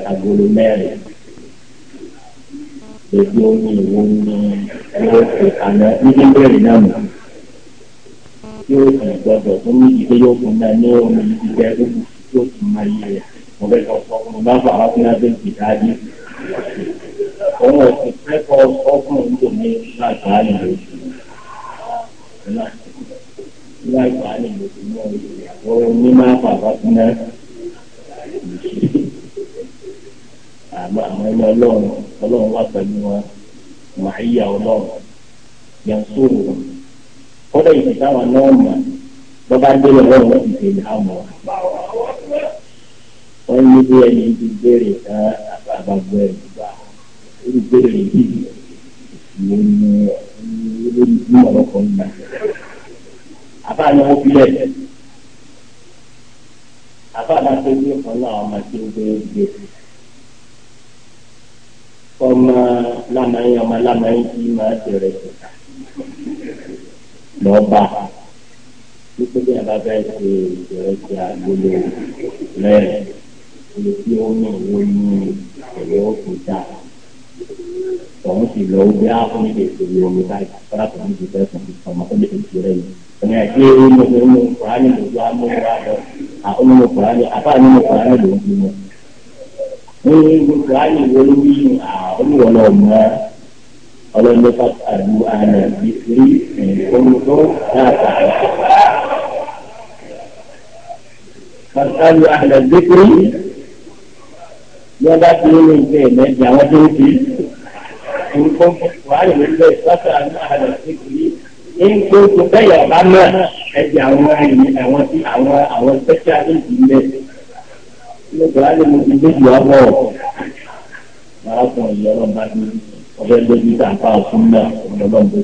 agolo mẹ́rin èdè omi ìwo ni ẹ̀rọ ìkànnà níbi bẹ́ẹ̀rẹ̀ náà mọ̀ tí ó sì gbọdọ̀ tó ní ìdílé yóò fún náà ní omi ìdílé gbogbo tí ó sì máa yẹ ọ̀rẹ́ lọ́sọ̀ọ́ mo bá fà wá fún abẹ́ òun ò sì fẹ́ kọ́ ọgbọ́n tó ní lágbàá ní oṣù lágbàá ní oṣù náà ìyàwó ní máa bàbá fún ẹ. àmọ́ àwọn ẹni ọlọ́run ọlọ́run wá pẹ̀lú wọn màá yà ọlọ́run yẹn sóòrò wọn. kọ́dọ̀ ìdí táwọn náà mà bọ́bá dé lọ́wọ́ wọn ti tẹ̀lé àmọ́ wọ́n ní bí ẹni ti béèrè ká àbábọ́ ẹ̀ nígbà irú bẹ́ẹ̀ yìí ìwọ̀n ni olórí fún ọ̀rọ̀kùnrin náà. àbá ni wọ́n fi lẹ̀ àbá náà tó ní ọ̀kan náà ọmọ tí ó gbé gbé ọmọ lámàáyé ọmọ lámàáyé tí máa tẹ̀rẹ̀ tẹ̀ta lọ́ba nítorí àbábá ẹ̀ ṣe ìrẹsì àgbolo rẹ̀ olùdí ọmọ òun ní ẹ̀yọ́ òkúta òun sì lọ ó gbé áhùn ní èso ní omi báyìí kọ́lá tó ń jùlọ ẹ̀sùn ọmọ tó lè ti rẹ̀ yìí. ọ̀nà ẹ̀sìn ẹ̀rọ inú ọmọ inú kùránì ló wá mú wá lọ àwọn ọmọ kùránì àbá nínú kùránì ló ń bí wọn. ní inú kùránì wo ló bí olúwọ̀ náà mọ́ ọlọ́dún pàtó àdú àná ìfúrí ìfowópamọ́ dáàbà. pàtó àdú àná ìfúrí ní ọba tí ó lè gbé ẹ̀mẹ́ ní àwọn tó ń fi orúkọ wàhálà ló ń bẹ̀ sọ́kà náà lọ sí tó bẹ́yà ọba náà ẹ̀jẹ̀ àwọn ẹ̀yìn àwọn tí àwọn àwọn sẹ́kà lè jì ń bẹ̀. ní ìgbà lè mú ti gbé jù bọ̀ máa kàn yọ bá mi ọbẹ̀ lójú tá a fa náà ọ̀dọ́ bá ń bọ̀ jù.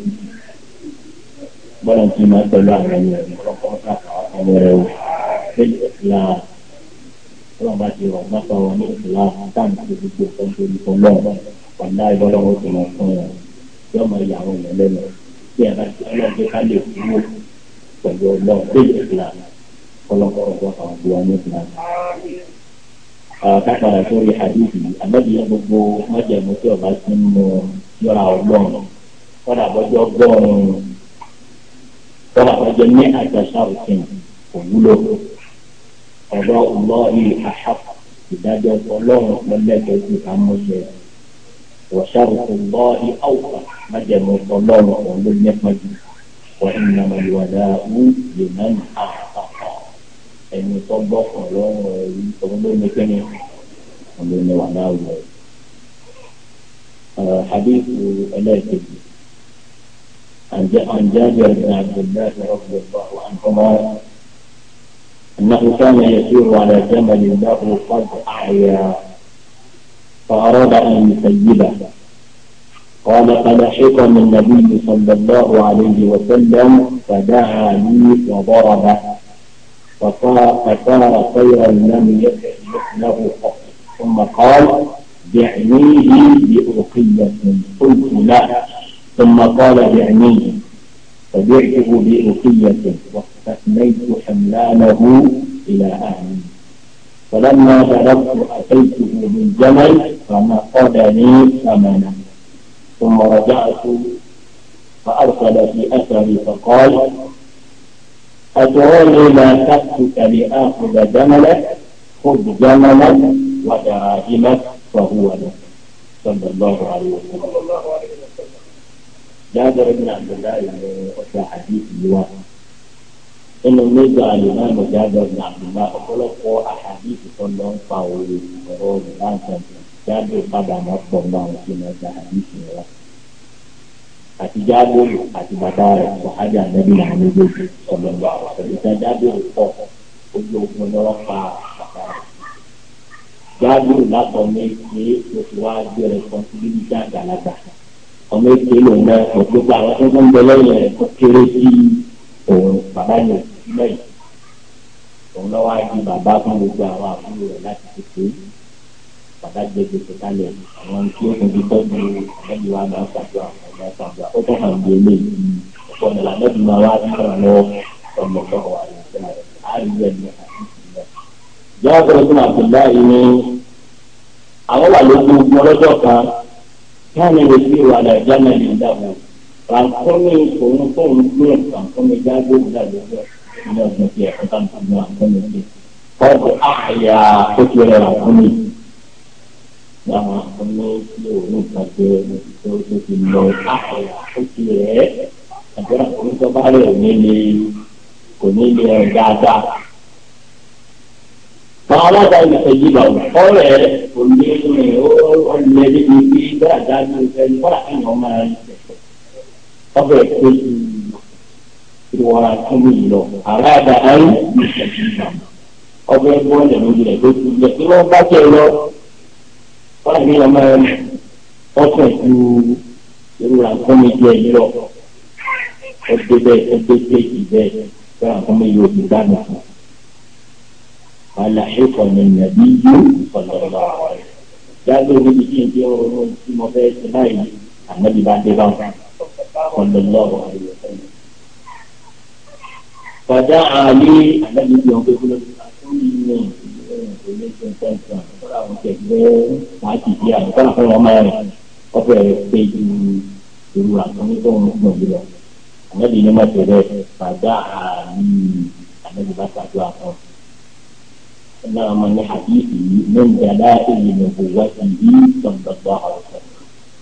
bọ́lá ti máa pẹ̀lú àwọn ẹ̀yìn ọ̀rọ̀ kọ́ wọn ti rọ mọta wọn ní ìlà táǹtì gbogbo nǹkan tó ní fún lọ́wọ́ ọ̀nà ìbọ̀lọ́wọ́ tó lọ fún wọn yóò máa yà wọn lẹ́nu bí ẹ bá ti ọlọ́ọ̀dẹ ká lè kúrò pẹ̀lú ọlọ́ọ̀ pé ìlà kọlọ́kọ́ ọ̀gbọ́n àwọn ìlú wọn ní ìlà. kápára sórí àdìsí àbẹ́bí gbogbo májèmú tí ọba ti ń mú yọra ọgbọ́n kọ́dà bọ́jọ́ gbọ́n kọ́dà bọ́jọ́ ní àjàṣà òfin òwúlò ọ̀dọ́ ọlọ́ọ̀ni àṣàkù ìdájọ́ ọlọ́run lọ́lẹ́kẹ̀ẹ́ sí àmúṣe wọ̀ṣàrù ọlọ́ọ̀ni àwùkà májẹ̀mú ọlọ́run ọ̀hún ló nípa jù wọ́n ń nà mọ̀ dáa wú lè má nà àpapọ̀ ẹni tó gbọ́kàn lọ́rùn ẹ̀rí ọ̀hún ló ní kẹ́ni ọ̀hún ní wàdà wù ẹ̀. حديث الأكل عن جابر بن عبد الله رضي الله عنهما أنه كان يسير على جمل له قد أعيا فأراد أن يسيبه قال فلحقني النبي صلى الله عليه وسلم فدعا لي وضربه فصار خيرا لم يكن له قط ثم قال بعنيه بأرقية قلت له ثم قال بعنيه فبعته برقية واستثنيت حملانه إلى أهلي فلما بلغت أتيته بالجمل فنقضني ثمنا ثم رجعت فأرسل في أثري فقال أتراني ما تأتك لآخذ جملك خذ جملك ودراهمك فهو لك صلى الله عليه وسلم جابر بن عبد الله يعني أتى حديث الواقع إنه نجا الإمام جابر بن عبد الله أخلق أحاديث صلى الله عليه وسلم جابر طبعا أكثر الله فيما أتى حديث الواقع àti jábòrò àti bàbá rẹ̀ sọ̀hájà nẹ́bí làwọn méjèèjì ọ̀lọ́gbà ọ̀sẹ̀lẹ̀ta jábòrò pọ̀ ojú ogun ni wọ́n pa bàbá rẹ̀. jábòrò látọ̀ ní pé ọmọ èké lòun náà kò gbogbo àwọn tó ń bẹ lẹ́yìn kéré sí òun bàbá yẹn sílẹ̀ yìí òun lọ́wọ́ á di bàbá fún gbogbo àwọn àbúrò rẹ̀ láti kékeré bàbá jẹ gbèsè kalẹ̀ àwọn tí ó kún fi tọ́jú ẹ̀yìn wa máa ń pàṣẹ àwọn ọmọ ìpàdé ó tó hàn bí eléyìí ọ̀pọ̀ nílà lẹ́bi máa wá sí ọ̀rọ̀ lọ́wọ́ ọmọ ọ̀gbọ́n wa rẹ̀ sílẹ̀ káàní lè fi wà láì dáná lè dàbò ràǹkọ́mì òun fóun gbúrò ràǹkọ́mì jágbó ìdàgbò ní ọdún tí ẹ̀kọ́ tá nǹkan náà ràǹkọ́mì ṣe ọ̀dọ̀ àyà tó ti rẹ̀ ràǹkọ́mì dáhùn ràǹkọ́mì tí òun gbàgbé tó tó ti lọ àyà tó ti rẹ̀ àjọ ràǹkọ́mì tó bá rẹ̀ ní lè kò ní lè rẹ̀ dáadáa. Àwọn alága ìfẹ̀yìnbà ọ̀rẹ́ òní lẹ níbi pé bẹ́ẹ̀ dájú ẹni kọ́lá kan yàn máa ń tẹ̀. ọbẹ̀ tó ti ìwọ̀ra fún mi lọ àrà àdàrà ń ọbẹ̀ bọ́ọ̀lù lórí rẹ̀ tó ti lẹ̀ kí wọ́n bá jẹ́ lọ kọ́lá kan yàn máa ń ọ̀sẹ̀ ju ìwọ̀ra fún mi jẹ́ yìí lọ. ẹgbẹ́ bẹ́ẹ̀ ẹgbẹ́ kéèkì bẹ́ẹ̀ kọ́lá kan mi yóò ti dáná fún un. قال حفظ النبي صلى الله عليه وسلم yálò níbi tí ìdí ọ̀rọ̀ tí mo fẹ́ ṣe báyìí ànábì bá dé bá wọn ọ̀dọ̀lọ́wọ́ kọjá àlè ànábì bí wọn pé kó ló ti ká tó ní ilé ìgbésẹ̀ ìgbésẹ̀ tẹ̀sán kọ́ra àwọn kẹ̀kẹ́ máa ti di àwọn kọ́ra fún wọn máa rìn ọ̀fẹ́ rẹ̀ pé ju ìlú àtúnṣe tó ń gbọ̀n jùlọ ànábì ní mọ̀tẹ́rẹ́ kọjá àlè ànábì bá ṣàdúrà fún un náà mo ní àdìsí yìí ló ń dada èyí ló kò wá sí yìí sọ̀dọ̀dọ̀ àwọn ọ̀sẹ̀.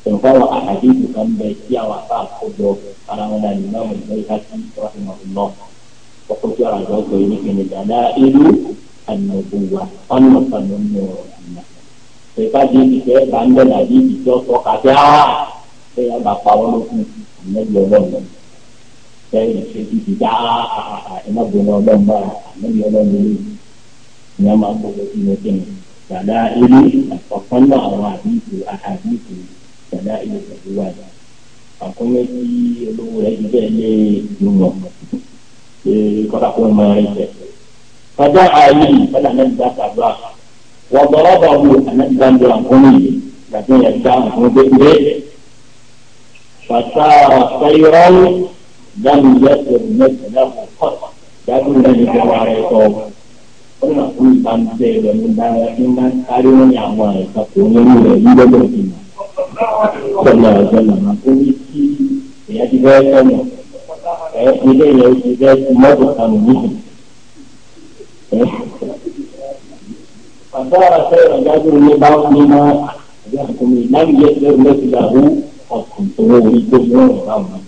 Ìfọwọ́ àdìsí kan bẹ tí àwọn afá àkójọ ara wọn náà nínú àwọn ìgbẹ́ ìhà sí ìfọwọ́sọ̀mọ̀ ọkọ̀ tí ọ̀rọ̀ àjọ pé ní kìnìún dada èyí ànàbò wa ọ̀nà ọ̀sán ní ọ̀rọ̀ ìyá. Ìfọwọ́sọ̀mọ̀ ìfẹ́ bá ń bẹ̀rẹ̀ àdìsí tí ọkọ̀ kàtí àwà ṣé yà bá pa wọn lókun ìmẹ́jọ ọlọ́run ṣe ìṣèjì ti dá àmọ́bìnrin ọlọ́run bá àmọ́bìnrin ọlọ́run lóyún ìyẹn máa kó lọ sínú kí ni dàda ilé àkọ́kọ́ náà àwọn àdìsù àdìsù dàda ilé pẹ̀lú wà dà àkọ́yẹ́ tí olówó rẹ̀ ti bẹ́ẹ̀ lé ìdúnnà ṣe kọ́ra kó máa rìn tẹ̀. fàdá ààyè fẹ́lẹ̀ anẹ́gbà tàbá wọ́n bọ̀rọ̀ bọ̀ wù anẹ́gbà ń bọ̀ àkọ́nì yìí dàbí yẹn gbà àwọn gbẹgbẹ. fàtà fẹ́rọ̀ dáhùn yẹn tó ní ẹ̀sẹ̀ náà kọ́ dáhùn yẹn ní ó mà kú ìbánisẹ́ rẹ̀ ní báyà ní bá kárí wọn ní àwọn àìsàn kò ní orí rẹ̀ yíyọ́ bẹ̀rẹ̀ sí ma. sọlá ọ̀sẹ̀ màmá ó ní kí èèyàn ti fẹ́ sọ̀nà ẹ̀ ilé yẹn ó ti fẹ́ ti mọ́tò kanù níbi. bàbá àṣẹ ìrànlájú ní bá ní ma àbí àkómi láyé ẹgbẹ́ mẹ́tìlá ó ọ̀kùnrin tó wọ́n orí tó wọ́n rọ̀ báwọn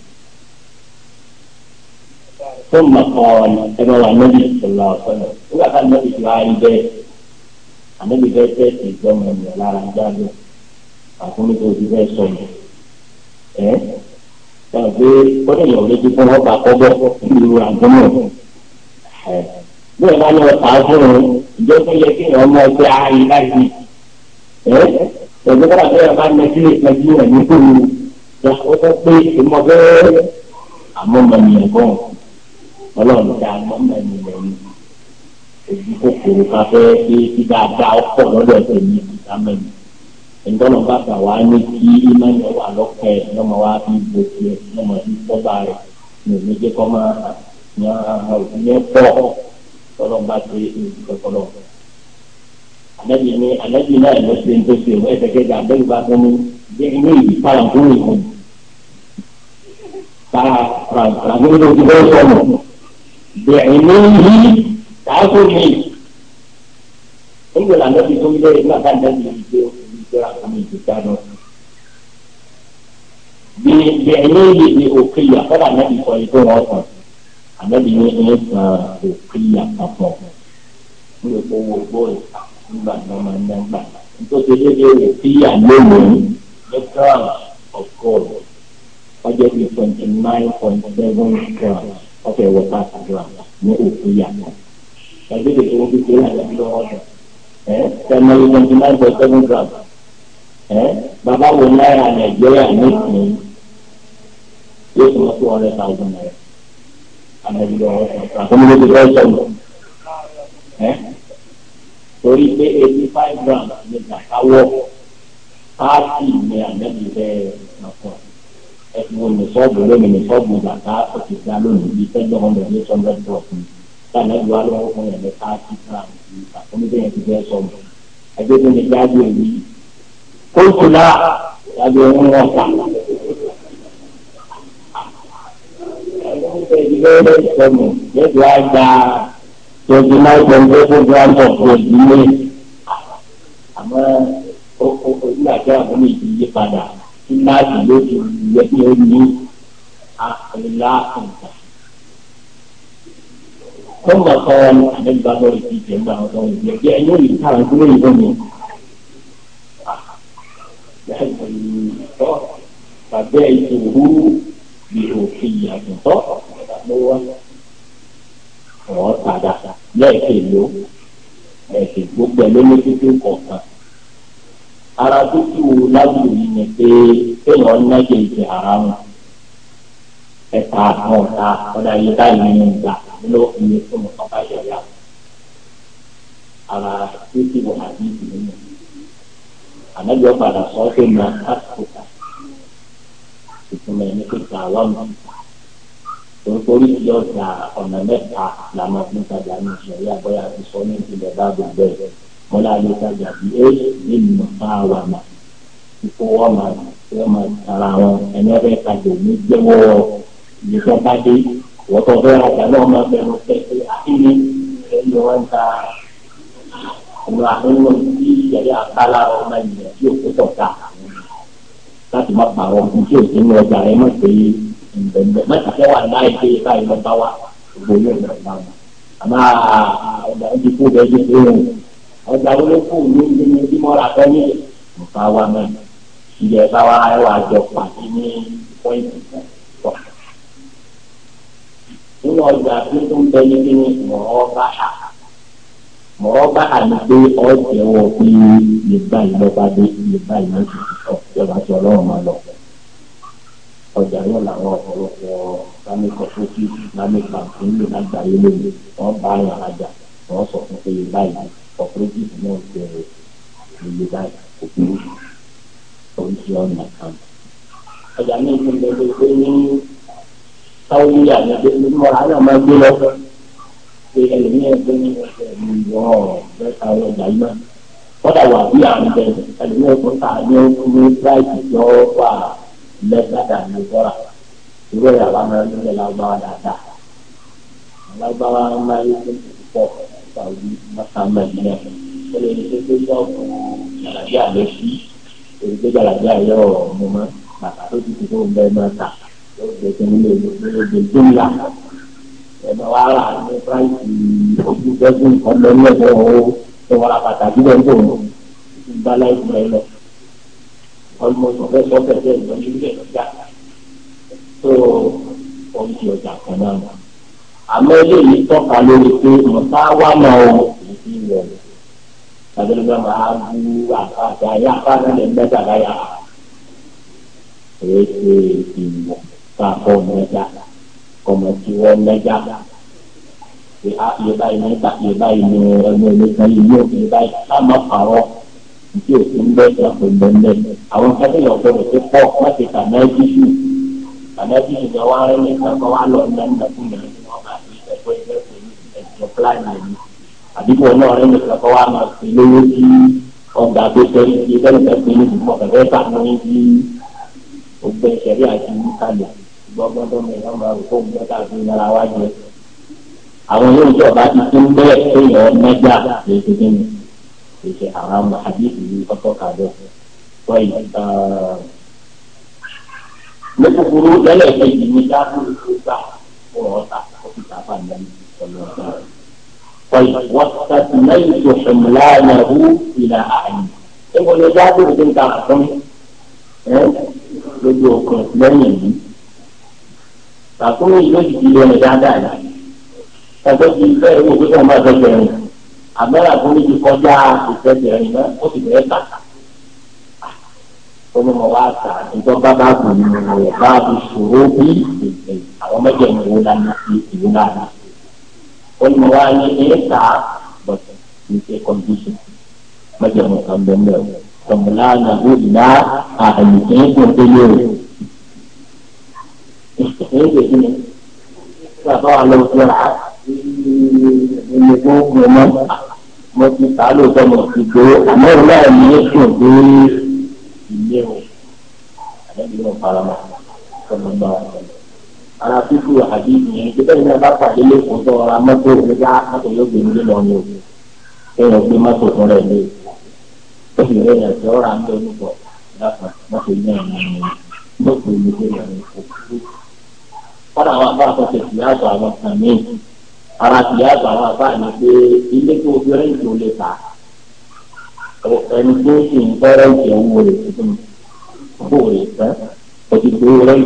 tó mọ kọ́ọ̀n ẹgbẹ́ wa nẹ́bí ìṣẹ̀lá ọ̀sọ́nà nígbà tá nẹ́bí ti wáyé bẹ́ẹ̀ ànẹ́bí bẹ́ẹ̀ fẹ́ ti gbọ́mọ ẹ̀mí lára jáde àfúnni tó ti fẹ́ sọ mi ẹ́ fún ọba kọ́bọ̀ nínú àgbọ̀nà ẹ̀ bẹ́ẹ̀ ní ọ̀tá fún un ìjọ tó yẹ kí ọmọ ẹgbẹ́ ayé láti ẹ́ ẹ̀gbẹ́ bá bẹ́ẹ̀ bá nẹ́bí ìṣẹ̀lá ẹ̀ ní kúrú ó fẹ́ pé ìmọ̀ bẹ́ẹ̀ àmọ́ mọ̀ ní ẹ̀gbọ́n ọlọ́run dá mọ́mọ́ ẹni lẹ́yìn èyí kòkòrò ká fẹ́ pé dáadáa ọkọ̀ lọ́dọ̀ ẹ̀sẹ̀ ní ìdámẹ́ mi ìdọ́nà bàbá wa ní kí ìmọ̀nyẹ wà lọ́kẹ́ lọ́mọ wa fi bo tiẹ̀ lọ́mọ fi tọ́ba rẹ̀ ní oníjẹ́ kọ́ máa ń tó ṣe wọ́n ẹ̀sẹ̀ kẹta abẹ́rù bá fún mi bí ilé yìí fara fún ìhùn fara fara fara بعلمه تعاقبه nígbà lànà bí tó ń lé nígbà tá à ń dájú ìgbé ìgbé àkàmì ìgbésà lọ. bí bẹ̀rẹ̀ yìí ni òkè yà fọlá nàbì kọ́ ètò wọn kàn ànábì ní ẹ̀ san òkè yà papọ̀ ní epo wo gbọ́ ìta nígbà náà máa ń ná gbà. nítorí déédéé òkè yà lónìí ní crown of ọjọ́ bíi twenty nine point seven crown ọ̀fẹ́ wọ ká àdúrà ní òkú yàtọ̀ ẹgbẹ́ tó tó fi kéré àti ẹgbẹ́ wọn sọ ẹ tẹmọ yìí twenty nine point seven gram ẹ bàbá wo náírà nàìjíríà ní ìpín yóò tún lọ sí one hundred thousand naira àmọ́bí lọ́wọ́ sọ àkọ́mọ́bí tó fẹ́ sọ̀rọ̀ ẹ torí pé eighty five gram ní gbàkáwọ́ pààtì ní àmọ́bí bẹ́ẹ̀ nàkọ́ ẹ̀sùn nìfọ́ọ̀bù lónìí nìfọ́ọ̀bù bàtà òkìkà lónìí bíi tẹ́jọ́ ọ̀hún lónìí eight hundred thousand tànàbí wa lọ́wọ́ fún yẹn ní káàkì káàkì àkọ́mídéyàn ti fẹ́ sọ̀rọ̀ ẹgbẹ́ tó ní gbájú èyí kóòtù náà lábẹ́ ohun wọn kà. ẹgbẹ́ ìsọ̀mù lẹ́dùn á gba twenty nine point eight grams of gold nílé àmọ́ ojú àti àbúrò tí láti ló ti yẹ kí ó ní àpèlá nǹkan. Kọ́ńtà kọ́ àdébà lọ́rọ̀ ti jẹ́ gbà ọ̀dọ́ ìjẹ́ kí ẹ yóò lè kára sí lóyún fún mi. Ah, Bàbá ẹ̀ ti wú bí òfin ìyàtọ̀ ló wá. Ọ̀ọ́ tàdà lẹ́ẹ̀kẹ́ ló ẹ̀sìn gbogbo ẹ̀ ló ló títí kọ̀ọ̀kan ara dúkìú lábùrú ni pé kéèyàn nájẹ ìdè ara wọn ẹ̀ka àwọn ọ̀tá ọ̀dà yìí báyìí ní ìgbà ló fi yẹ fún mi ọba yọ̀yà ara dúkìú àbí ìdè mi ànájọ padà sọ ọ́ fún mi àtàkùkà ìtumọ̀ ẹni pé kà wà mí torí ti ọjà ọ̀nà mẹ́ta làmọ́ fún tajà ní ìṣẹ̀lẹ̀ àbọ̀yà àti sọ́ọ́ ní ìpínlẹ̀ bá gbogbo ẹ̀ wọ́n lè tajà bí ẹ lè mọ̀ fá wa mà kíkó wọ́n mà kí wọ́n mà tara wọn ẹni wọ́n fẹ́ tajà òní gbẹ́wọ́ ibi tó bá dé wọ́n tó fẹ́ rajà náà máa bẹ̀rù pẹ̀lú àkíní ẹni wọ́n ta ọ̀nà àhóhó tí ìṣẹ̀lẹ̀ àkàlà ọmọ ìyẹn tí òkú tọ̀ ta láti má pa àwọn ọkùnrin tí òsì ń lọ́jà ẹ má pé ìbẹ̀ǹbẹ̀ má ti fẹ́ wà láì pé báyìí lọ́ bá wa gbogbo yóò lọ́ bá wa àmọ́ ọ̀dà ń dikú bẹ́ẹ̀ ọjà olóko ní ìdíni tí mo rà fẹ́ nílẹ̀ nǹkan wa mẹ́ ilẹ̀ bá wa ẹ wà jọ pàdé ní pọ́ìntì kan pọ̀. nínú ọjà tó tún bẹ ní kíni mọ̀ọ́ bá a mọ̀ọ́ bá a ní pé ọ̀jẹ̀ wọ pé lè bá ìlọ́ba dé lè bá ìlọ́ba sọ ìjọba tí ọlọ́run máa lọ. ọjà yóò làwọn ọ̀pọ̀lọpọ̀ islamic cooperative islamic bank nílò lágbàáyé lónìí wọ́n bá àyàn ajá wọ́n sọ fún pé báyìí ọ̀pẹ́rẹ́tìfù náà jẹ iye báyìí kò burú oríṣi ọ̀nà kan. ọjà ní ìlú ìgbẹ́jọ́ pé ní sáwọ́dí àgbẹ̀dẹ ní mọ́ra náà máa gbé lọ pé ẹlòmíràn gbé ní ọ̀sẹ̀ ìwọ̀ mẹ́ta ọjà yìí náà kọ́dà wà bí àwọn bẹ̀rẹ̀ ẹlòmíràn tó ta ní ní bíráìtì tó wà lẹ́gbàdà ní bọ́ra ìwé ìyàwó àmọ́ ẹlòmíràn sàwùdí mọ́sánmọ́ ẹ̀ nílẹ̀ ó lè ní pé pé yọ ọ̀gbọ̀n jàlàbí àlẹ́ sí èyí pé jàlàbí àlẹ́ ọ̀rọ̀ mo mọ́ bàtà tó ti fi fóun bẹ́ẹ̀ máa tà yóò gbé kí nílé ìgbé jùlá ẹ̀mọ́ wa rà ní fúráìsì ojú gbẹ́gùn kan ní ẹ̀fọ́ owó tó wọ́n pàtàkì lọ níbò ní ìgbà láìpẹ́ lọ almost ọ̀fẹ́ sọ́fẹ̀ bẹ́ẹ̀ àmọ́ eléyìí tọ́ka lórí pé mọ̀tá wà máa wọ ìdí rẹ̀ tàbílẹ̀ máa bu àkàtà yá káàdì lè mẹ́ta láyà èyí ṣe ìmọ̀ káàkọ́ mẹ́ta kọ̀mọ̀ tí wọ́n mẹ́ta ṣe á yẹ báyìí mẹ́ta yẹ báyìí ní ẹgbẹ́ mẹ́ta yìí yóò fi báyìí káàmọ́ pàrọ̀ ìdí òsì ń bẹ́ ìyàpò ìgbẹ́ńdẹ́ àwọn kẹ́kẹ́ yọ̀ gbọ́dọ̀ tó pọ̀ má ti kà náà jíjù ẹ̀kọ́ ẹlẹ́kọ̀ọ́ ní ẹ̀jọ̀ pílánì ẹ̀mí àdìpọ̀ náà rẹ̀ ní ìfẹ́ wa máa fi lówó sí ọgbà tó tẹ ibi bẹ́ẹ̀ bẹ́ẹ̀ pé ní ìdìbò bẹ̀rẹ̀ sànú ibi ògbẹ́ ìṣẹ̀rí àti ìkàlẹ̀ gbọ́gbọ́dọ́ mi náà máa rò fún ìgbẹ́ káàkiri lára wá jẹ. àwọn yóò jọ bá ti tún bẹ́ẹ̀ kéèyàn mẹ́jà lè ṣe kí ni ìṣe àwọn àdìsí ọkọ̀ kàdọ̀ yìí ní kúkúrú lẹ́lẹ́kẹ̀ẹ́ yìí طيب واستثنيت حملانه إلى أعين يقول له جابر بن كعب lójú ọkàn lẹ́yìn yìí bàkúrò yóò di lẹ́nu dáadáa yìí ẹgbẹ́ ti bẹ́ẹ̀ wò pé kí wọ́n bá fẹ́ bẹ̀rẹ̀ àbẹ́rẹ́ àkúrò ti kọjá ìfẹ́ bẹ̀rẹ̀ náà ó sì bẹ̀rẹ̀ bàtà ní mo wá tà ìjọba bá gùn ní mo rẹ̀ bá a fi ṣòro bí èdè àwọn mẹ́jọ ní ìwé lánàá sí ìwé lánàá sí. ó ní mo wá ní ilé ta but ní ṣe condition mẹ́jọ mo kàn bẹ́ẹ̀ mẹ́rin tọ̀mùlá nàbó ìlà àmì kí n kún délé o. ìṣèlú èdè ni bàbá wa lọ sí ra ilé tó gbọmọ mo ti ta lóòótọ́ mo ti gbó àmọ́ ìlànà yẹn kún délé ilé o àdébí náà farama ọmọ bá wà lọ. ara fífi àbí ìyẹn gbé bẹ́ẹ̀ náà bá pàdé lẹ́kọ̀ọ́ tó ra mọ́tò nígbà mọ́tò yóò gbé nílé lọ ní o kéèyàn gbé mọ́tò fún rẹ̀ lé o sì rẹ̀ yẹn tó ra ń bẹ níbọ̀ dákan mọ́tò yẹn ní mọ́tò yẹn ní ìlànà ìfowópamọ́. kọ́dà àwọn afá àtọ́tẹ̀ sí àtọ̀ àwọn kan ara sì àtọ̀ àwọn afá ní ilé tó fi rẹ́ǹtì lè ta ẹni tí ó sì ń fẹ́rẹ̀ ìjẹ owó rẹ̀ tuntun owó rẹ̀ tán o ti gbé ọdún kan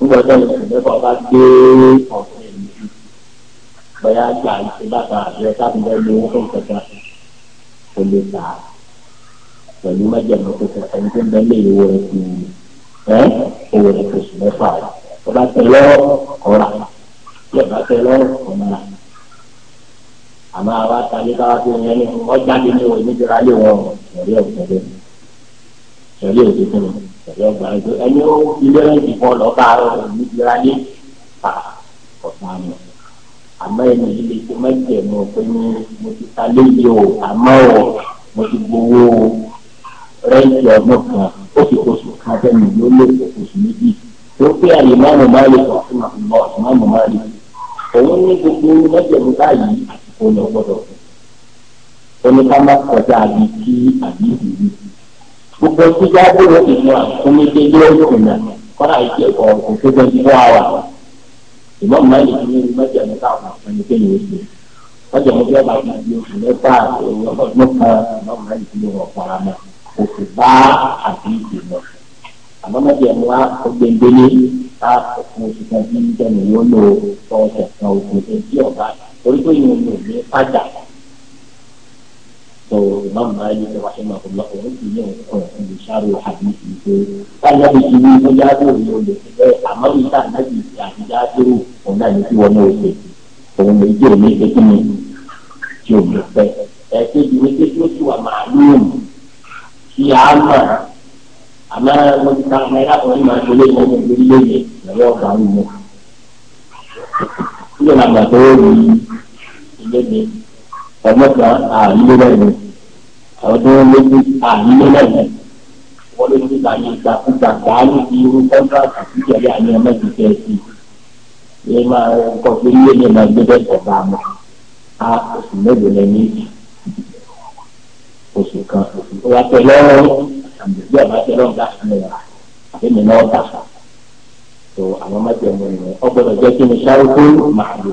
nígbà tó ń sùn nípa ọba gbé ọ̀sẹ̀ yìí bẹ́ẹ̀ àgbà ìṣe bàtà àbẹ̀rẹ̀ sábì bẹ́ẹ̀ lé owó fún ìtọ́jà kò lè tà á pẹ̀lú májèmọ́ tó sọ ẹni tó ń bẹ́ẹ̀ lé owó rẹ̀ kù ẹ́ owó rẹ̀ kù sùn mẹ́fà rẹ̀ ọba tẹ lọ́rọ̀ ọ̀rà yọ̀ọ̀ba tẹ àmọ́ àwa tàbí káwá tó yẹn ní ọjà lè ní òní jọra lé wọn o sọ̀rí ọ̀gbẹ́lẹ̀ sọ̀rí òde fún mi sọ̀rí ọ̀gbẹ́lẹ̀ ẹni ó ilé rẹ̀ǹtì fún ọlọ́ba òní jọra lé pa ọ̀sán mi àmọ́ ẹni yìí lè ṣe mẹ́jẹ̀ mọ́ pé ní mo ti ta léyìí o àmọ́ o mo ti gbowó rẹ́ǹtì ọdún kan ó fi oṣù kan fẹ́mi ló lè fi oṣù méjì tó pé àyè máàmù máàlì kan fún àfihàn ọ̀sán máàmù máàlì òun ló gbọ́dọ̀ fún un ní ká má kọjá àbí kí àbí ìlú gbogbo sígá gbọ́dọ̀ ìlú àkúnmídé yóò kùnà kọ́nà ìṣe ọ̀gùn tó gbẹ ní wàhálà ìmọ̀ mọ́lẹ̀ ní ìlú mẹ́jọ ní káwọn àkànní kéyìn oṣù mẹ́jọ ní bẹ́ẹ̀ bá ti di oṣù mẹ́fà ọdún kan ìmọ̀ mọ́lẹ̀ ní ìlú ọ̀pọ̀ àmọ́ oṣù bá àbí ìlú àmọ́ mẹ́jọ ní wa ọgbẹ́ndẹ́lé ká ọkùnrin oṣù kan bí ń jẹ́ nìyó lò ọ̀sẹ̀ kan oṣù tó bí ọ̀gá àti torí pé yìí ò ní padà tó ìmáàmù máa yí ṣe wáṣẹ máa kó lọ òun ti ní òun kàn ní sáré àbí ìṣe káyà ìṣe ní ọjà àdúrà ní olè bẹ́ẹ̀ àmọ́ ìta náà ti ṣe àbíjà àdúrà òun náà ní kí wọn náà ṣe òun lè jẹ òun ní ìgbésí mi tí o lè fẹ́ ẹ kéjì kí a mọ̀ àmọ́ mo ti ní màálùú lé ìwọ̀n mi lórí lóye lọ́wọ́ ọ̀gá ilé nàgbà tó wọ́n ní ilé mi ọ̀gbọ́n kan àìlé lẹ́nu àwọn tó wọ́n lé ní àìlé lẹ́nu wọ́n lé ní ìlànà ìgbàkúgbà gbàánù bí irú kọ́ńtàkì tí ìjọba àmì ọmọ ti fẹ́ sí i ilé máa ń kọ́ pé ilé mi máa gbé bẹ́ẹ̀ sọ̀rọ̀ àmọ́ a oṣù mélòó lẹ ní oṣù kan oṣù tó wá tẹ lọ́rùn àmì ìjọba tẹ lọ́rùn láti lè rà àbí náà tàṣà tó àwọn májèmú nìyẹn ọgbọ́dọ̀ jẹ́ kí ni ṣáàrùkú màálù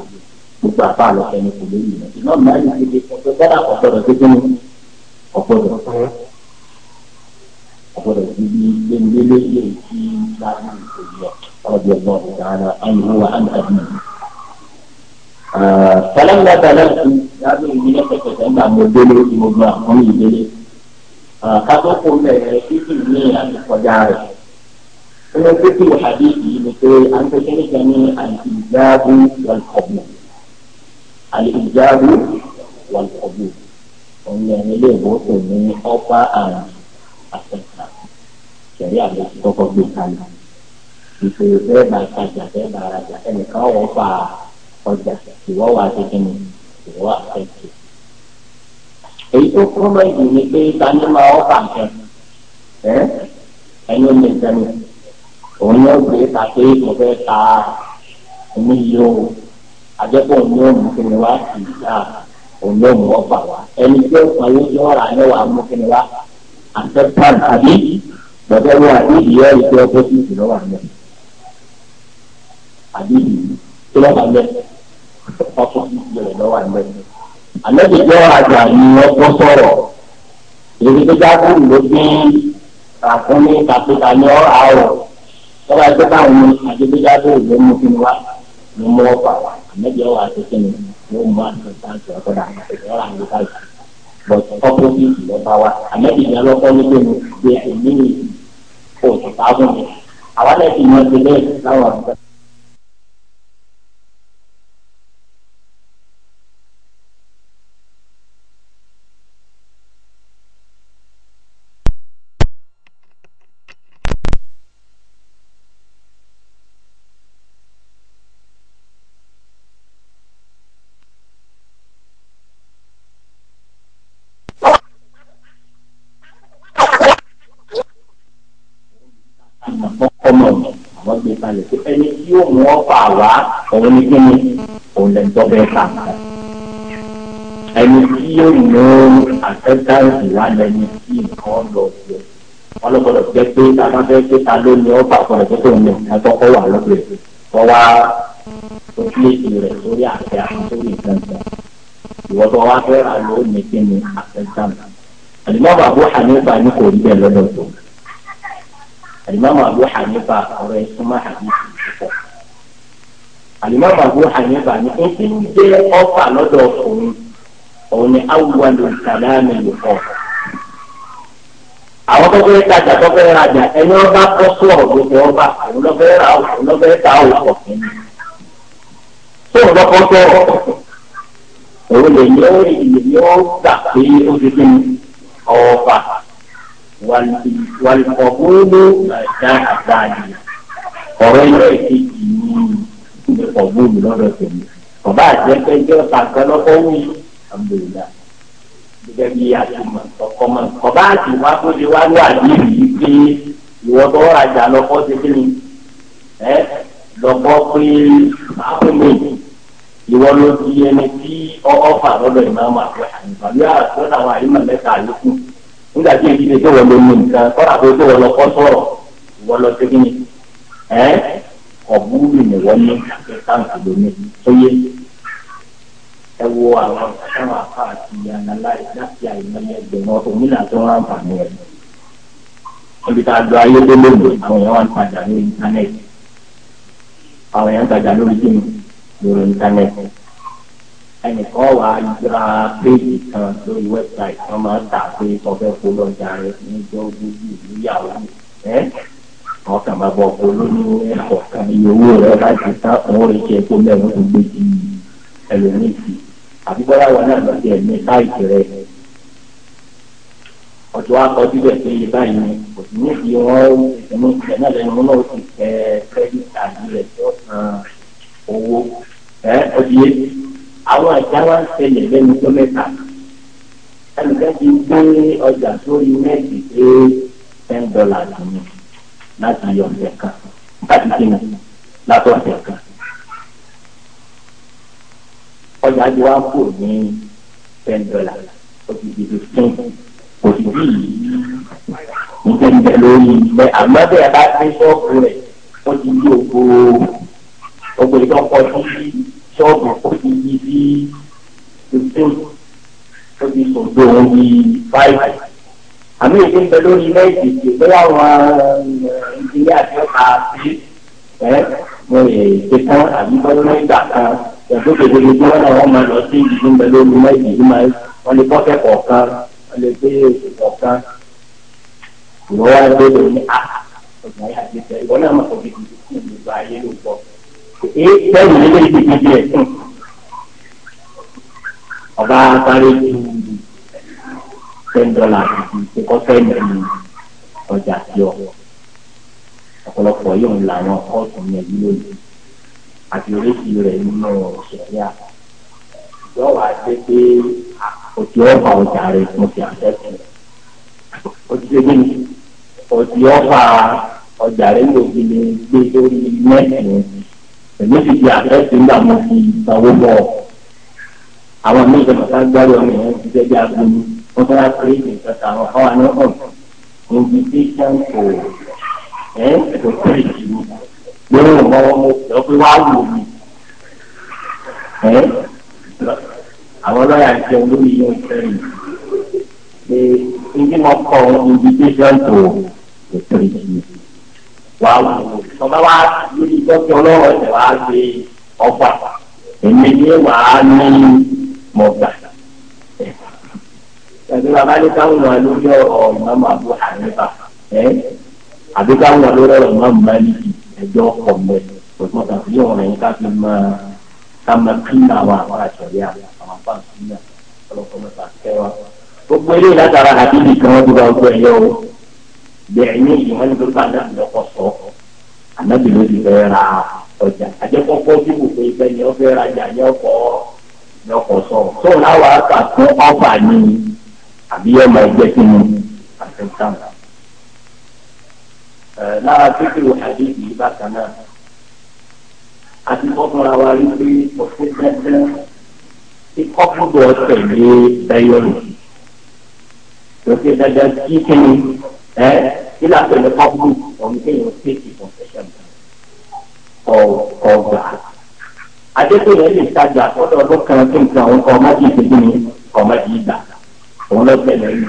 gbogbo àbá àlọ́fẹ́ ni kò lóyún náà iná màálù ti di fún pé bọ́dà ọgbọ́dọ̀ tó kí ni ọgbọ́dọ̀ ọgbọ́dọ̀ ti di gbẹngbẹlẹ yìí tí láti ìṣòyọ ọdí ọgbọ́n ìdáná àyìnbó àǹtàbí. Fọlọ́nà Bàlẹ́sì lábẹ́ ìdílé pẹ̀pẹ̀tẹ̀ ńgbà mo délé ìmọ̀gbọ́n àkọ́yìn délé. Kátó kó mẹ́rẹ̀ẹ́ ẹni tó kí wò hadith yìí ni pé akẹ́kẹ́ nìkan ní àlìjáàbù wal qabul àlìjáàbù wal qabul òun ni ẹni ilé ìwò tó ní ọ́pá àrùn àtẹ̀kà ṣẹ̀rí àgbẹ̀ tó kọ́kọ́ gbé kalẹ̀ ìṣòro bẹ́ẹ̀ bá tajà bẹ́ẹ̀ bá rajà ẹnìkan wọ́n fa ọjà ìwọ́ wa ti ìwọ́ àtẹ̀kẹ́ èyí tó kọ́ mọ́ ìdí pé ta ni máa ọ́pà kẹ́ ẹ́ ẹni ó lè sẹ́nu òun yóò gbé ta pé mo fẹ́ ta omi yìí o àjẹpọ̀ òun yóò mú kíni wá sí ìjà òun yóò mú ọ̀pá wá ẹni tí ó pa yóò yọ̀ọ́ rà yóò wá mú kíni wá acceptance àbí bọ̀dọ̀ wọ àdéhì yọ ìfẹ́ opposite lọ́wọ́ àmọ́ àdéhì tó lọ́wọ́ àmọ́ opposite rẹ̀ lọ́wọ́ àmọ́ àmọ́bí jọ àjà ni wọ́n kọ́ sọ̀rọ̀ èrè tó já kúrò ló gbé àkúnní kàpẹ́tà ní ọ̀rọ̀ àwọ̀ wọ́n bá gbé báwọn adébíyábò ló mú kí ni wá ló mú ọ̀pá wa àmẹ́jọ wa ti kí ni ló mú àtúntàǹtì ọ̀kọ́dà ìrọ̀lá àwọn ìbáyìí bọ̀t ọ́pọ́sìtì ló bá wa àmẹ́jọ lọ́kọ́ ló gbé mi gbé èmi òṣùpá fún mi àwọn ẹ̀sìn mọ̀ ti láwọn àgbẹ̀. balẹ̀ tó ẹni tí yóò mú ọ̀pá wá òun ní kíni òun lè tọ́ bẹ́ẹ̀ kà á. ẹni tí yóò mú àtẹ́tàǹsì wá lẹ́ni tí nǹkan lọ jẹ wọn lọ gbọ́dọ̀ jẹ pé táwọn fẹẹ ké ta ló ní ọ̀pá kan rẹ tó tó ní ọ̀pá tó kọ wà lọ́dọ̀ rẹ kọ wá ojúlẹsì rẹ sórí àtẹ àtúntòrí ìgbọ̀nsẹ̀ ìwọ tó wá fẹ́ àlọ́ ní kíni àtẹ́tàǹsì. àdìmọ́ bàbá alimami abu hanifa ọ̀rọ̀ ìsúnmọ́ àdìsí púpọ̀ alimami abu hanifa ní ẹni ń jẹ ọfà lọ́dọ̀ ọkùnrin òun ni awùwà ló ń tàdá mi lò pọ̀ àwọn tó fẹ́ẹ́ tajà tó fẹ́ẹ́ rajà ẹni ọba kọ́ sí ọ̀rọ̀ gbogbo ọba òun ló fẹ́ẹ́ ra òun ló fẹ́ẹ́ ta òun pọ̀ kẹ́ni tó ń lọ́kọ́ sọ̀rọ̀ òun lè ní ó lè ní ó gbà pé ó ti fi ọ̀ọ́fà wàlùkọ̀gbóló dá àgbáyé ọ̀rọ̀ ilé ìkejì ní ìgbẹ̀kọ̀gbóló lọ́dọ̀ tẹ̀lé ọba àjẹpẹ́jọ́ sàkọ́lọ́kọ́ wí àbúrò gẹ́gẹ́ bí àtìmọ̀ ọkọ̀ mọ̀ ọba àtìwá tó di wá ní àdìrí yìí pé ìwọ tó rajà lọ́kọ́ ṣe kí ni ẹ lọ́kọ́ pé báwo ni ìwọ ló di ẹni tí ọ̀ọ́fà lọ́dọ̀ ìmáàmù àgbẹ̀ àyùbá yóò àtúntò àwọn àyùmọ̀ mẹ́ta àlékún nígbà tí èyí ti tó wọ lómi nǹkan kọ́ra tó tó wọ lọ kọ́ sọ̀rọ̀ wọ lọ sí kíni ẹ́ ọ̀bùrù ni wọ́n ní káńtà lómi tó yé ẹ wo àwọn sáwọn apá àti analáì láti àìmọye ẹgbẹ̀rún òmìnira tó ń ránfààní rẹ̀ níbi tá a lọ ayé tó lónìí àwọn èèyàn wà ń tajà lórí íńtánẹ́ẹ̀tì àwọn èèyàn ń tajà lórí kíni lórí íńtánẹ́ẹ̀tì ẹnìkan wà á gba péjì kan lórí wẹ́bsáìtì wọ́n máa ń tà pé ọ̀fẹ́ polọ́jà rẹ̀ níjọ́ gbójú ìlúyàwó ẹ̀ wọ́n kàn máa bọ̀ polo ní ẹ̀kọ́ kan iye owó rẹ̀ láti tá òun rẹ̀ ṣe kó mẹ́rin tó gbé ti ẹlòmíì sí bọ́lá wọn náà lọ́sẹ̀ ní sáìtì rẹ̀ ọ̀tọ̀ akọ́jú bẹ̀ pé iye báyìí ni kò sí ní fi wọ́n ẹnu ìṣẹ̀ náà lẹ́nu náà ti tẹ kẹ́rẹ́dìtì àdìrẹ̀ tó san àwọn àjà wa ń ṣẹlẹ̀ lẹ́nu tó mẹ́ta ẹnìkan ti gbé ọjà sórí nẹ́ẹ̀tì pé ten dollars ni láti yọ ọ̀sẹ̀ kan láti kíni láti ọ̀sẹ̀ kan ọjà ti wá kù ní ten dollars ó ti di fifteen kò sí bí nǹkan ń bẹ lórí ìgbẹ́ àmọ́ bẹ́ẹ̀ bá gbé ṣọ́ọ̀bù rẹ̀ ó ti di ògbó ògbó ìtọ́kọ̀ tó ń bí sọ́ọ̀bù kó fi yí sí fifteen tó fi sùn tó òun di five àmì èdè ń bẹ lórí ilé ìdìbò bóyá àwọn eh, ìdílé àti ọkà sí ẹ mo lè ṣe tán àbí bọ́ lórí ìgbà kan ìyàtọ̀ kedere tí wọ́n náà wọ́n máa lọ sí ìdìbò ń bẹ lórí ilé ìdìbò máa wọ́n lè bọ́ kẹ́kọ̀ọ́ kan wọ́n lè gbé èkó kan ìwọ́n wá lórí ní ah, àhà ọ̀gbìn èyí eh, pẹ̀lú ilé ìdíje díẹ̀ ọba sáré ju ten dollars ti kọ́ sẹ́yìn ní ọjà sí ọ ọ̀pọ̀lọpọ̀ yóò ń la àwọn kóòtù yẹn lónìí àti oríṣi rẹ̀ nínú òṣèré àpá yóò wá dé pé òtí ọ̀fà ọjà rẹ̀ mo ti àtẹ́kù òtí ṣe bíi òtí ọ̀fà ọjà rẹ̀ ló fi lè gbé lórí mẹ́sìn èmi sì fi àtẹ́sí ńlá mọ́ fi ìsanwó bọ̀ ọ́ àwọn míì ṣe màtá gbárí ọmọ yẹn ti jẹ́ bí agbóni wọ́n fẹ́ wá pé nǹkan ta àwọn àwọn àná hàn níbi tí sáǹkò ẹ̀ kò tẹ̀lé jù mí lórí ìmọ̀wọ́ mo sọ pé wá wò mí ẹ̀ àwọn lọ́yà jẹ́ olórí yóò tẹ̀lé pé níbi wọn kọ́ níbi tí sáǹkò kò tẹ̀lé jù mí wà á wò ó sọba wà á lórí ìtọ́jú ọlọ́rọ̀ ẹ̀ wà á gbé ọgbà èmi ni wà á ní mọ̀gbà. ẹ̀sìn bàbá ní káwọn wà lórí ọ̀rọ̀ mọ́mọ́ àbú àníbà ẹ̀ àbí káwọn wà lórí ọ̀rọ̀ mọ́mọ́ mẹ́lìkì ẹ̀jọ́ ọkọ̀ mẹ́ òtún ọ̀tàn sí ọ̀rọ̀ yẹn ká fi máa ká máa kí ní àwọn àwọn àṣọyé àwọn àwọn fáǹsì gbogbo eléyìí látara àbí nìkan wọn ti bá gbọ́ ẹ̀yọ́ o bẹ́ẹ̀ ní ìwọ́n ní pípa náà lọ́kọ̀ sọ ànábì ló ti fẹ́ ra ọjà àjẹkọ́kọ́ tí kò fẹ́ fẹ́ ni ó fẹ́ rajà ní ọkọ̀ lọ́kọ̀ sọ tó láwa kà fún ọ̀fà ni àbí ọmọ ẹgbẹ́ tí mo àti sáwọn. lára pípéwò àdéhìí bákan náà àti kọ́kọ́ra wa rí pé òfin dandan tí kọ́kọ́dọ̀ tẹ̀lé dayọ̀lù lókè dandan kí kí Eh, ẹ nígbà tó lè pábùlù ọ̀hún kéèyàn tètè confession ọ̀gbà. adékòyè lè tajà fọ́dọ̀ ọdún kan tó nǹkan àwọn kan ọmọdé ìdílé ní ọmọdé ìgbà òun lọ tẹ̀lé ní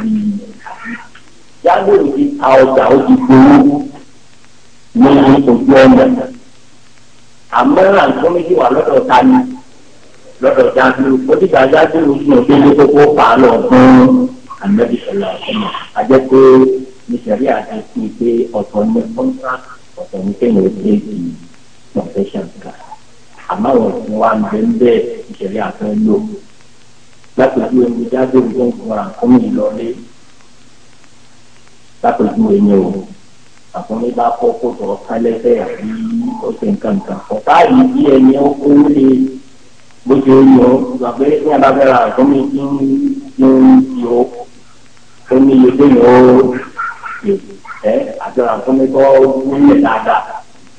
yàgò ìdí ta ọjà ó ti gbowó ní ojú ọ̀nà àmọ́ àgbọ̀n méjì wà lọ́dọ̀ ta ni lọ́dọ̀ dáadúró ó ti gbà dáadúró ní ọdún ní kókó pa á lọ fún àmọ́bí sọ̀rọ̀ àjẹpẹ́ nítorí àti sí pé ọ̀tọ̀ ní contract ọ̀tọ̀ ní kéèyàn ó dé di confession kan àmọ́ àwọn tí wọ́n á ń bẹ ń bẹ ìṣẹ̀lẹ̀ àtọ́ lò lápẹ̀jú ẹni jáde òun tó ń fún àkómi lọlé lápẹ̀jú ẹni o àkómi bá kọ́ kó tọ́ kálẹ́fẹ́ àbí ọ̀sẹ̀ nǹkankan ọ̀tá yìí bí ẹni ó kó lé bó ṣe ń yọ ìgbà pé ní abáfẹ́ra àkómi ń ń ti o ó ní iye tó yàn ó ẹ àti àtúnmí kọ́ wúlẹ̀ dáadáa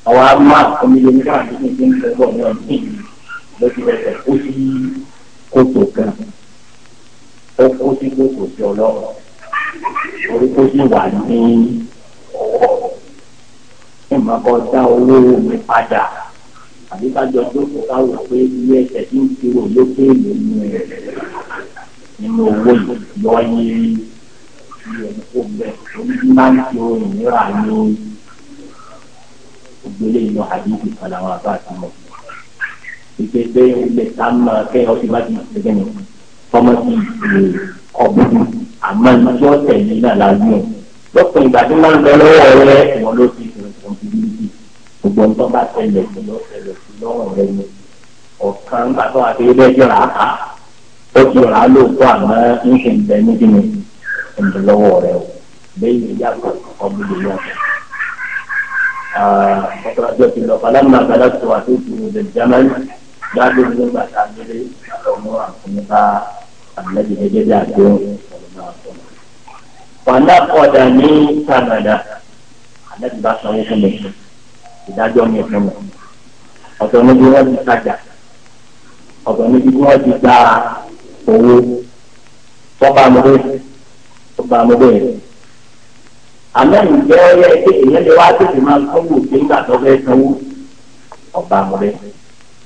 àwọn àmọ́ àtúnmí lè ní káàdì ní ìdí nǹkan bọ̀ ní ọdún ló ti rẹ̀ kó sí kótó kan ó kó sí kótó sí ọlọ́run orí kó sì wà ní ọwọ́ ìmọ̀kọ́ dá owó mi padà àbí kájọ tó kó káwọ pé ilé ẹsẹ̀ tí ń kiri olókè èlò nínú owó yìí lọ́ọ́ ẹni kó bẹ máa ń lo ìnira ní ògbélé ìlú àdìsí kan àwọn àbá àti mọ ìpè pé ilé sáàmà kẹ ọtí bá ti ṣẹlẹ̀ ní ọmọ ti ṣe ọgbọdún àmọ́ ní tí wọn tẹ̀lé náà láàyè lọ́pọ̀ ìgbà tí wọn bẹ lọ́wọ́ rẹ̀ wọn ló fi rẹsọǹtìbìlìtì gbogbo ń tọ́ bá tẹ̀lé sí lọ́sẹ̀lẹ̀ sí lọ́wọ́ rẹ̀ ni ọ̀kan gbàtọ́ àti ilé ẹjọ́ rà á kà ó ti rà á lóòótọ́ àmọ́ ń ṣe ń bẹ níbi nìyí ń bẹ lọ́wọ́ rẹ o bẹ́ẹ̀ ni yàtọ̀ ọmọ ìlú náà fẹ́. ọ̀tọ̀rọ̀jọ ti lọ falamma balagtu àtúntò ìdè jamal gbàgbé ní bàtà nílé àtọ̀mọ́ àfúnká àmì gẹ́gẹ́ bí àdéhùn fàlà kọ̀dà ní kànàdà àdàbí bá sanwó fún mi ìdájọ́ mi fún mi ọ̀tọ̀ níbi wọ́n ti tajà ọ̀tọ̀ níbi wọ́n ti gba owó tọ́ba mi lóṣù tó bá mú bẹ́ẹ̀. àmọ́ ìjẹ́ ọyẹ pé èèyàn lè wá tètè máa sanwó pé nígbà tó fẹ́ sanwó ọba mú bẹ́ẹ̀.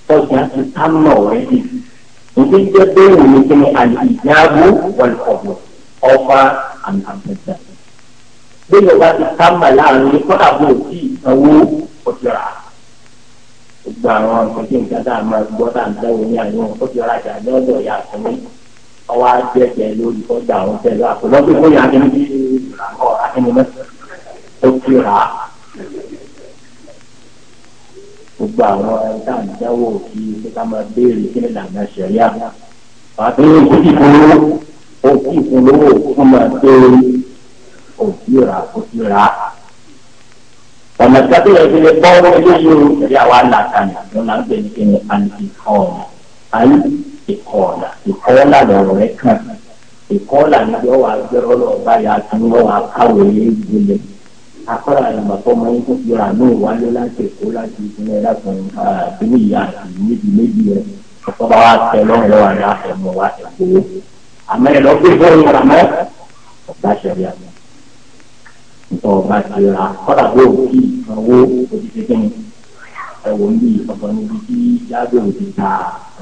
tọ́jú àti tánà ọ̀rẹ́ yìí ìdí jẹ́ bẹ́ẹ̀ wò ni kí ni àlè ìjáàbò wọlé ọ̀bọ̀ ọba àmì àbẹ̀dẹ̀ gbẹ̀yìn wa ti ká mà láàrin kọ́dà bó o tí ìsanwó gbogbo àwọn akọ̀tí nǹkan tá a máa ní àyẹ̀wò ọ̀jọ̀ra jà lọ́dọ̀ ìyá àtúnwé ọwọ́ àjẹjẹ lórí ọjà àwọn tẹ̀lé àpòlọ́ tó kó yàrá ní bí ìrànwọ́ tó ti rà á. gbogbo àwọn ẹ̀ka ìdáwó kí ká máa béèrè kí ni lànà ṣẹ̀yà pàtó òkú ìfowó òkú ìfowó òkú máa béèrè òkú rà òkú rà á ọ̀nà ìgbàgbé yẹn fi lè bọ́ ọ́ ilé yìí ó ìyá wa là ní àǹtí ọ̀hún àyè. Ikola, ikola lọ̀rọ̀ rẹ̀ kàn ìkọọ̀là ni yọ wà gbẹ́rọ́ lọ báyà tán yọ wà káwé gbélé akọ́là yàgbà tó máa ń kó yọrọ àánú wáyé láti èkó láti ìpínlẹ̀ lákùn àbíní ìyá àti méjì méjì rẹ̀ ọ̀pọ̀lọpọ̀ wa tẹ lọ́rùn lọ́wọ́ àná ẹ̀mọ́ wa ẹ̀kọ́ àmọ́ ẹ̀ lọ́ gbé bọ́ọ̀lù àmọ́ ọ̀gá ṣẹlẹ̀ àmọ́ ìtọ́ ọba ti bó o kí ìsanwó òṣìṣẹ́ kẹ́ni ẹ̀wọ̀n níbi ìfọ̀fọ̀ níbi tí òde ta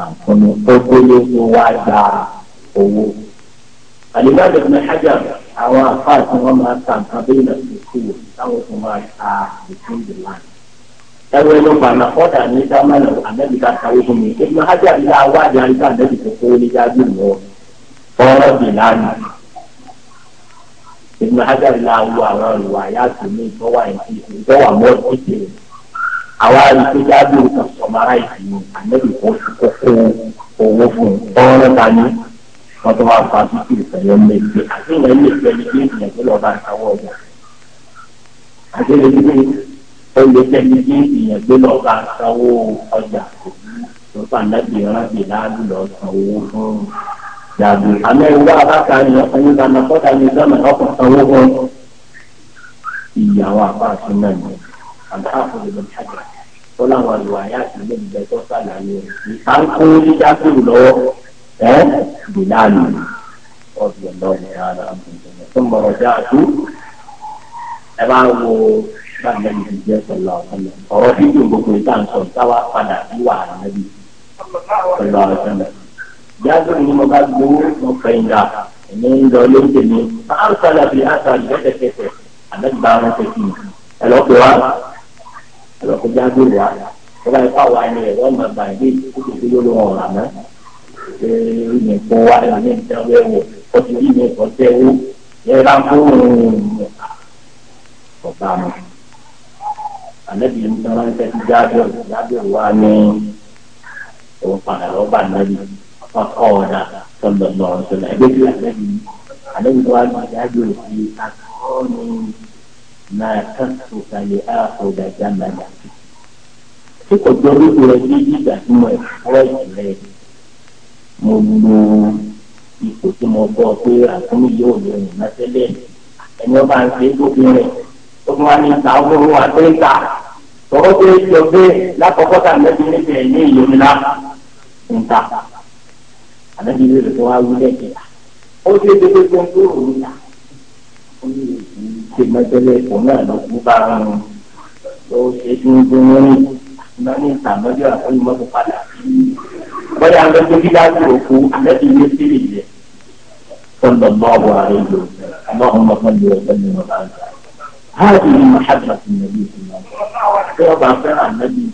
àǹfọ̀nù ọgbọ́yé tó wá gba owó. àdìgbàdo ní hajà àwọn afáà tí wọ́n máa ta nǹkan bẹ́ẹ̀ náà ti kú wò táwọn tó máa ta between the line. ẹ̀wọ̀n ló gbà náà ọ̀dà ní dámàlà àmẹ́bíkà táwọn fún mi ìgbà hajà ní awádìí àríkà àmẹ́bíkà kó ní yáàbẹ̀ mọ́ ọ̀rọ̀ bìlánì ìgbà hajà ní awọ àwọn olùwàyà tó ní ìtọ́wà ìtọ́wà mọ́ àwa ìpínlẹ̀ àbí nǹkan sọ̀mọ́ra ìsìn àmẹ́lì kan fi kókó owó fún ọ̀rọ̀ ta ní wọ́n tó máa fa títí ìfẹ̀yẹ́ mẹ́fẹ́ e àti ìyẹn mẹ́fẹ́ ní bí ìyẹn tó lọ bá sáwọ́ ọjà àti ìyẹn tó lè tẹ́ ní bí ìyẹn tó lọ bá sáwọ́ ọjà tó fà nábì rábì láàbì lọ sanwó fún yàgò àmọ́ ìwé abáka ni ọkùnrin kan náà kọ́ta ní sọ́mọ̀ ọkùnrin sanwó fún ìyàwó àpá àbáfò ló ń ṣàjà ó láwọn àlùwà yá sí ilé ìgbẹ́ tó sàlàyé rẹ̀ à ń kó jákèrò lọ́wọ́ ẹ́ bìláàlù ọ̀bì ọlọ́ọ̀lẹ̀ ara àbùdùnmọ̀ tó mọ̀rọ̀ já àtú ẹ bá wo bàbá mi jẹ́ sọ̀lá ọ̀sán ọ̀rọ̀ tí yóò gbogbo ìta ń sọ táwa padà sí wà níbi sọ̀lá ọ̀sán jáde ní mo bá gbowó mo fẹ̀yìndà ẹ̀mí ń lọ lóde mi mi ẹ lọ́ọ́ pè wá ọlọ́kọjá gbé wa wọ́n bá ipá wa ni ẹ̀rọ ọmọ àgbà yìí kókò tó yóò lọ́wọ́ ọ̀rà mọ́ ṣe ìyẹn kó wa ẹ̀rọ ní ìdáwọ́ ẹ̀wọ̀ ó ti rí ìyẹn kọ́ tẹ́ owó yẹn bá kó ọ̀bá mọ́. àlẹ́bí ń tán láńpẹ́ tí jábẹ́ jábẹ́ ní òun padà rọ́bà náà ní ọkọ̀ ọ̀dà tọ́lọ̀ lọ́rọ̀ sọ̀rọ̀ ẹgbẹ́ tí àlẹ́bí àlẹ́bí wa ní jábẹ́ òfin àkọ́ ní máa kàn sọ̀kalẹ̀ àkọ́dà dámàdà. tí kò jọ lóko rẹ bí ìgbà tí mo ẹ̀fọ́ ìrẹ́ mo lo ipò tí mo bọ́ pé àkúnmí yóò lè rìn mọ́tẹ́lẹ̀ ẹni ọba ń ṣe é lópin rẹ̀ ó tún wá ní ìta ọgọ́rùn-ún àtẹ́ríkà tọ́wọ́ pé jọ pé lákọ̀ọ́kọ́ tà lẹ́bi níbi ẹ̀ ní ìyọ̀nìlá níta àlẹ́bi rẹ̀ tó wá wúlẹ̀ kẹ̀yà ṣe mọ́tẹ́lẹ̀ òun náà ló kú bá ara wọn tó ṣe tí ń gbóná ní iná ní ìtàmọ́jọ́ àkọ́yìn mọ́tò padà bọ́dà àgbẹ̀tẹ̀ dídá sí òkú àgbẹ̀tẹ̀ ilé sílè jẹ صلى الله عليه وسلم اللهم صل وسلم وبارك هذه محبة النبي صلى الله عليه وسلم يضع سنة النبي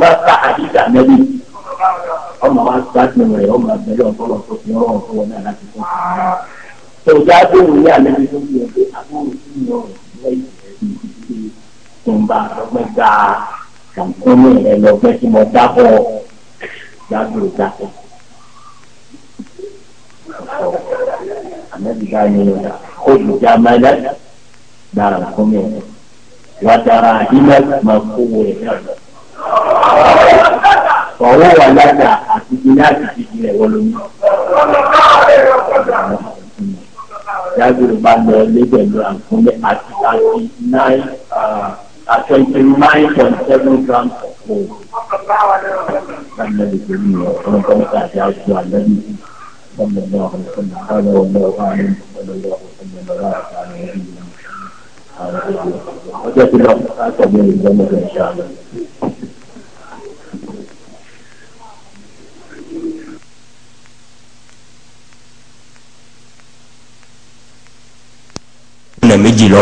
ما حديث عن النبي أما ما أثبتنا ويوم أبدا يوم صلى الله عليه وسلم ọjà tó wù ní àlejò tó fi ẹgbẹ́ àbúrò sí ní ọ̀rọ̀ lẹ́yìn ìdílé tó ń bá lọ́gbẹ́ gba ṣàǹkóní rẹ lọ́gbẹ́ tí mo dábọ̀ dábọ̀ dábọ̀. àmẹ́bíkà ni olùjà mẹ́lẹ́ dára ṣàǹkóní rẹ wàdàrà ìmẹ̀ máa kó ẹ̀ náà ọ̀wọ́ wà lájà àti ilé àti ìdílé wọlé mi jábìrì bá lọ ilé pẹ̀lú àkúnlẹ̀ àti thirty nine uh, twenty nine point seven grams of gold. Sáyẹn lè fi mí ọ̀rọ̀ kan ká àti àjọ àlẹ́ mi. Sọ́mọ̀ náà ọ̀rọ̀ sọ́mọ̀ náà ọ̀rọ̀ wà ní ìpínlẹ̀ ọ̀rọ̀ sọ́mọ̀ náà àti àwọn ẹ̀rí mi. Ọjọ́ tí lọ́kùnrin ká sọ̀rọ̀ ìgbọ́mọ̀ rẹ̀ ṣáà lọ. ọ̀nà méjì ló